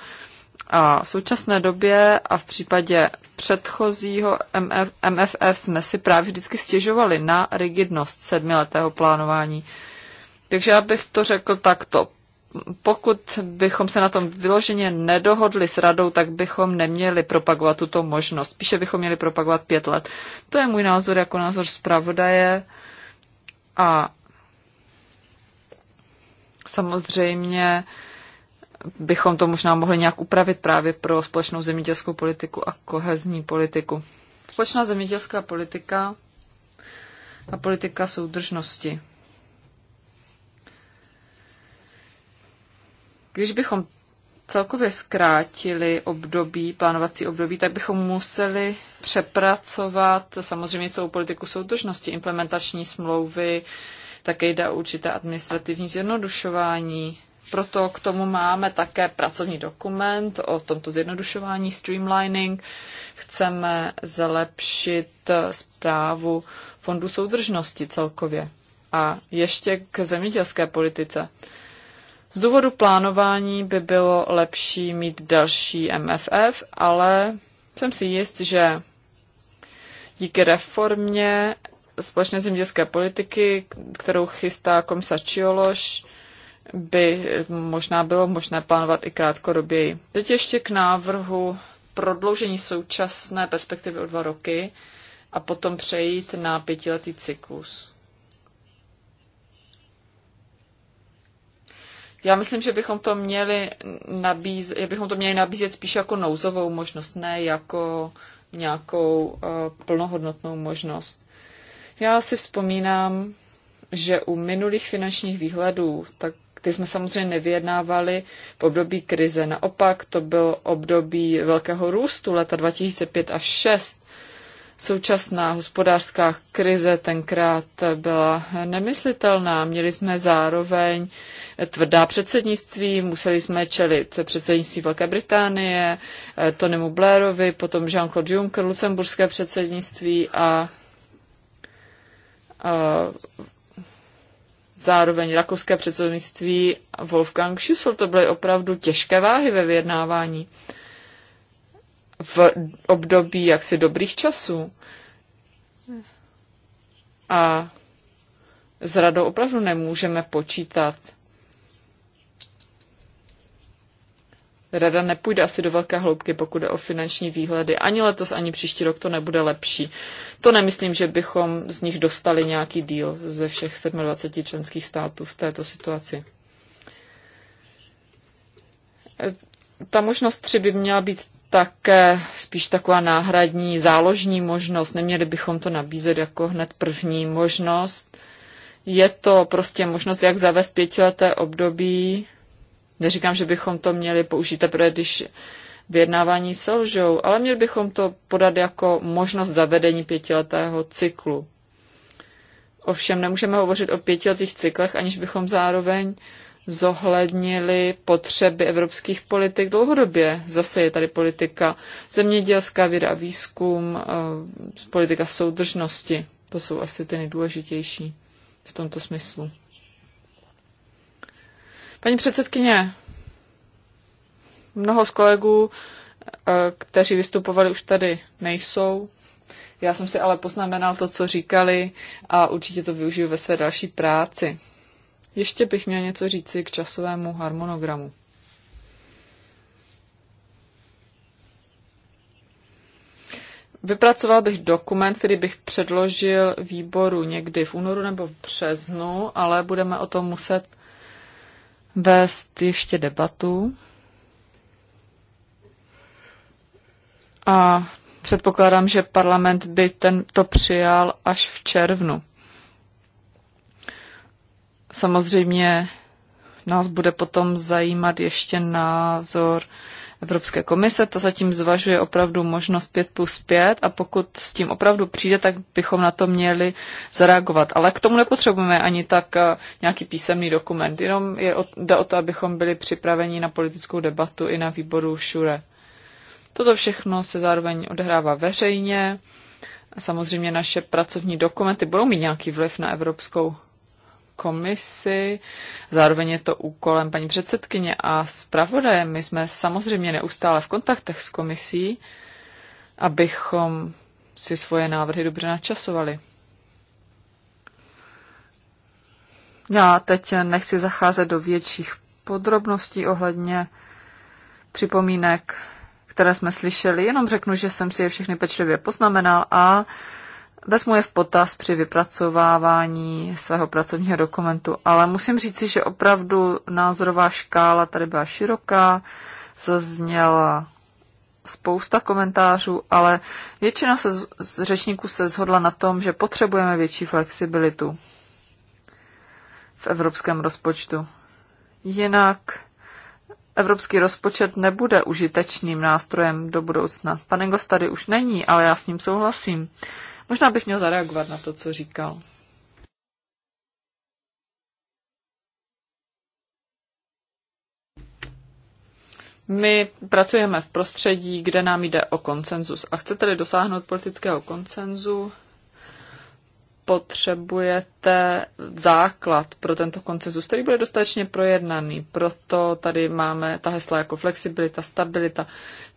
A v současné době a v případě předchozího MF, MFF jsme si právě vždycky stěžovali na rigidnost sedmiletého plánování. Takže já bych to řekl takto pokud bychom se na tom vyloženě nedohodli s radou, tak bychom neměli propagovat tuto možnost. Spíše bychom měli propagovat pět let. To je můj názor jako názor zpravodaje. A samozřejmě bychom to možná mohli nějak upravit právě pro společnou zemědělskou politiku a kohezní politiku. Společná zemědělská politika a politika soudržnosti. Když bychom celkově zkrátili období, plánovací období, tak bychom museli přepracovat samozřejmě celou politiku soudržnosti, implementační smlouvy, také jde o určité administrativní zjednodušování. Proto k tomu máme také pracovní dokument o tomto zjednodušování, streamlining. Chceme zlepšit zprávu fondu soudržnosti celkově. A ještě k zemědělské politice. Z důvodu plánování by bylo lepší mít další MFF, ale jsem si jist, že díky reformě společné zemědělské politiky, kterou chystá komisař Čiološ, by možná bylo možné plánovat i krátkodoběji. Teď ještě k návrhu prodloužení současné perspektivy o dva roky a potom přejít na pětiletý cyklus. Já myslím, že bychom to měli nabízet, bychom to měli nabízet spíš jako nouzovou možnost, ne jako nějakou uh, plnohodnotnou možnost. Já si vzpomínám, že u minulých finančních výhledů, tak ty jsme samozřejmě nevyjednávali v období krize. Naopak to bylo období velkého růstu leta 2005 až 6 Současná hospodářská krize tenkrát byla nemyslitelná. Měli jsme zároveň tvrdá předsednictví, museli jsme čelit předsednictví Velké Británie, eh, Tonymu Blairovi, potom Jean-Claude Juncker, lucemburské předsednictví a, a zároveň rakouské předsednictví Wolfgang Schüssel. To byly opravdu těžké váhy ve vyjednávání v období jaksi dobrých časů. A s radou opravdu nemůžeme počítat. Rada nepůjde asi do velké hloubky, pokud jde o finanční výhledy. Ani letos, ani příští rok to nebude lepší. To nemyslím, že bychom z nich dostali nějaký díl ze všech 27 členských států v této situaci. E, ta možnost 3 by měla být také spíš taková náhradní záložní možnost. Neměli bychom to nabízet jako hned první možnost. Je to prostě možnost, jak zavést pětileté období. Neříkám, že bychom to měli použít teprve, když vyjednávání selžou, ale měli bychom to podat jako možnost zavedení pětiletého cyklu. Ovšem nemůžeme hovořit o pětiletých cyklech, aniž bychom zároveň uh, zohlednili potřeby evropských politik dlouhodobě. Zase je tady politika zemědělská, věda a výzkum, eh, politika soudržnosti. To jsou asi ty nejdůležitější v tomto smyslu. Paní předsedkyně, mnoho z kolegů, eh, kteří vystupovali, už tady nejsou. Já jsem si ale poznamenal to, co říkali a určitě to využiju ve své další práci. Ještě bych měl něco říci k časovému harmonogramu. Vypracoval bych dokument, který bych předložil výboru někdy v únoru nebo v březnu, ale budeme o tom muset vést ještě debatu. A předpokládám, že parlament by ten to přijal až v červnu. Samozřejmě nás bude potom zajímat ještě názor Evropské komise, ta zatím zvažuje opravdu možnost 5 plus 5 a pokud s tím opravdu přijde, tak bychom na to měli zareagovat. Ale k tomu nepotřebujeme ani tak eh, nějaký písemný dokument, jenom je o, jde o to, abychom byli připraveni na politickou debatu i na výboru šure. Toto všechno se zároveň odehrává veřejně a samozřejmě naše pracovní dokumenty budou mít nějaký vliv na Evropskou komisi, zároveň je to úkolem paní předsedkyně a zpravodaje. My jsme samozřejmě neustále v kontaktech s komisí, abychom si svoje návrhy dobře načasovali. Já teď nechci zacházet do větších podrobností ohledně připomínek, které jsme slyšeli, jenom řeknu, že jsem si je všechny pečlivě poznamenal a vezmu je v potaz při vypracovávání svého pracovního dokumentu, ale musím říci, že opravdu názorová škála tady byla široká, zazněla spousta komentářů, ale většina se, z řečníků se zhodla na tom, že potřebujeme větší flexibilitu v evropském rozpočtu. Jinak evropský rozpočet nebude užitečným nástrojem do budoucna. Pan Engels tady už není, ale já s ním souhlasím. Možná bych měl zareagovat na to, co říkal. My pracujeme v prostředí, kde nám jde o konsenzus. A chcete-li dosáhnout politického konsenzu, potřebujete základ pro tento koncesus, který bude dostatečně projednaný. Proto tady máme ta hesla jako flexibilita, stabilita.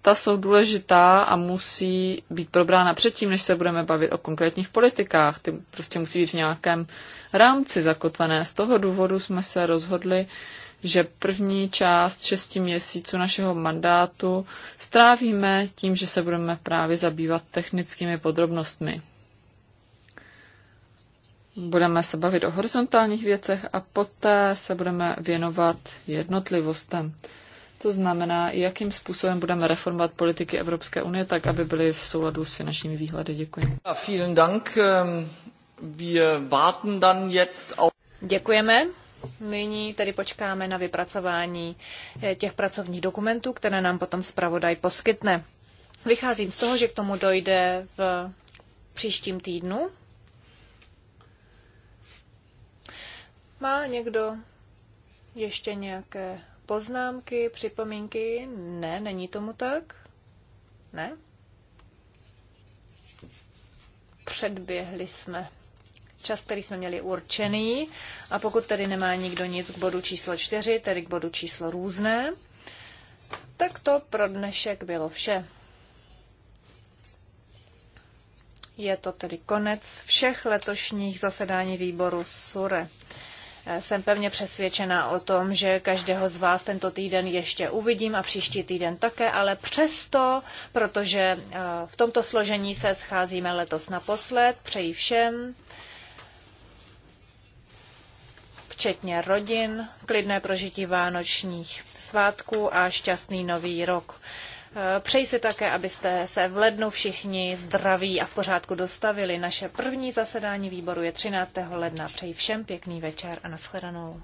Ta jsou důležitá a musí být probrána předtím, než se budeme bavit o konkrétních politikách. Ty prostě musí být v nějakém rámci zakotvené. Z toho důvodu jsme se rozhodli, že první část šesti měsíců našeho mandátu strávíme tím, že se budeme právě zabývat technickými podrobnostmi budeme se bavit o horizontálních věcech a poté se budeme věnovat jednotlivostem. To znamená, jakým způsobem budeme reformovat politiky Evropské unie tak, aby byly v souladu s finančními výhledy. Děkuji. vielen Dank. Ähm, wir warten dann jetzt auf... Děkujeme. Nyní tedy počkáme na vypracování eh, těch pracovních dokumentů, které nám potom zpravodaj poskytne. Vycházím z toho, že k tomu dojde v příštím týdnu, Má někdo ještě nějaké poznámky, připomínky? Ne, není tomu tak? Ne? Předběhli jsme čas, který jsme měli určený. A pokud tady nemá nikdo nic k bodu číslo čtyři, tedy k bodu číslo různé, tak to pro dnešek bylo vše. Je to tedy konec všech letošních zasedání výboru SURE. Jsem pevně přesvědčena o tom, že každého z vás tento týden ještě uvidím a příští týden také, ale přesto, protože eh, v tomto složení se scházíme letos naposled, přeji všem, včetně rodin, klidné prožití vánočních svátků a šťastný nový rok. Eh, přeji si také, abyste se v lednu všichni zdraví a v pořádku dostavili. Naše první zasedání výboru je 13. ledna. Přeji všem pěkný večer a nashledanou.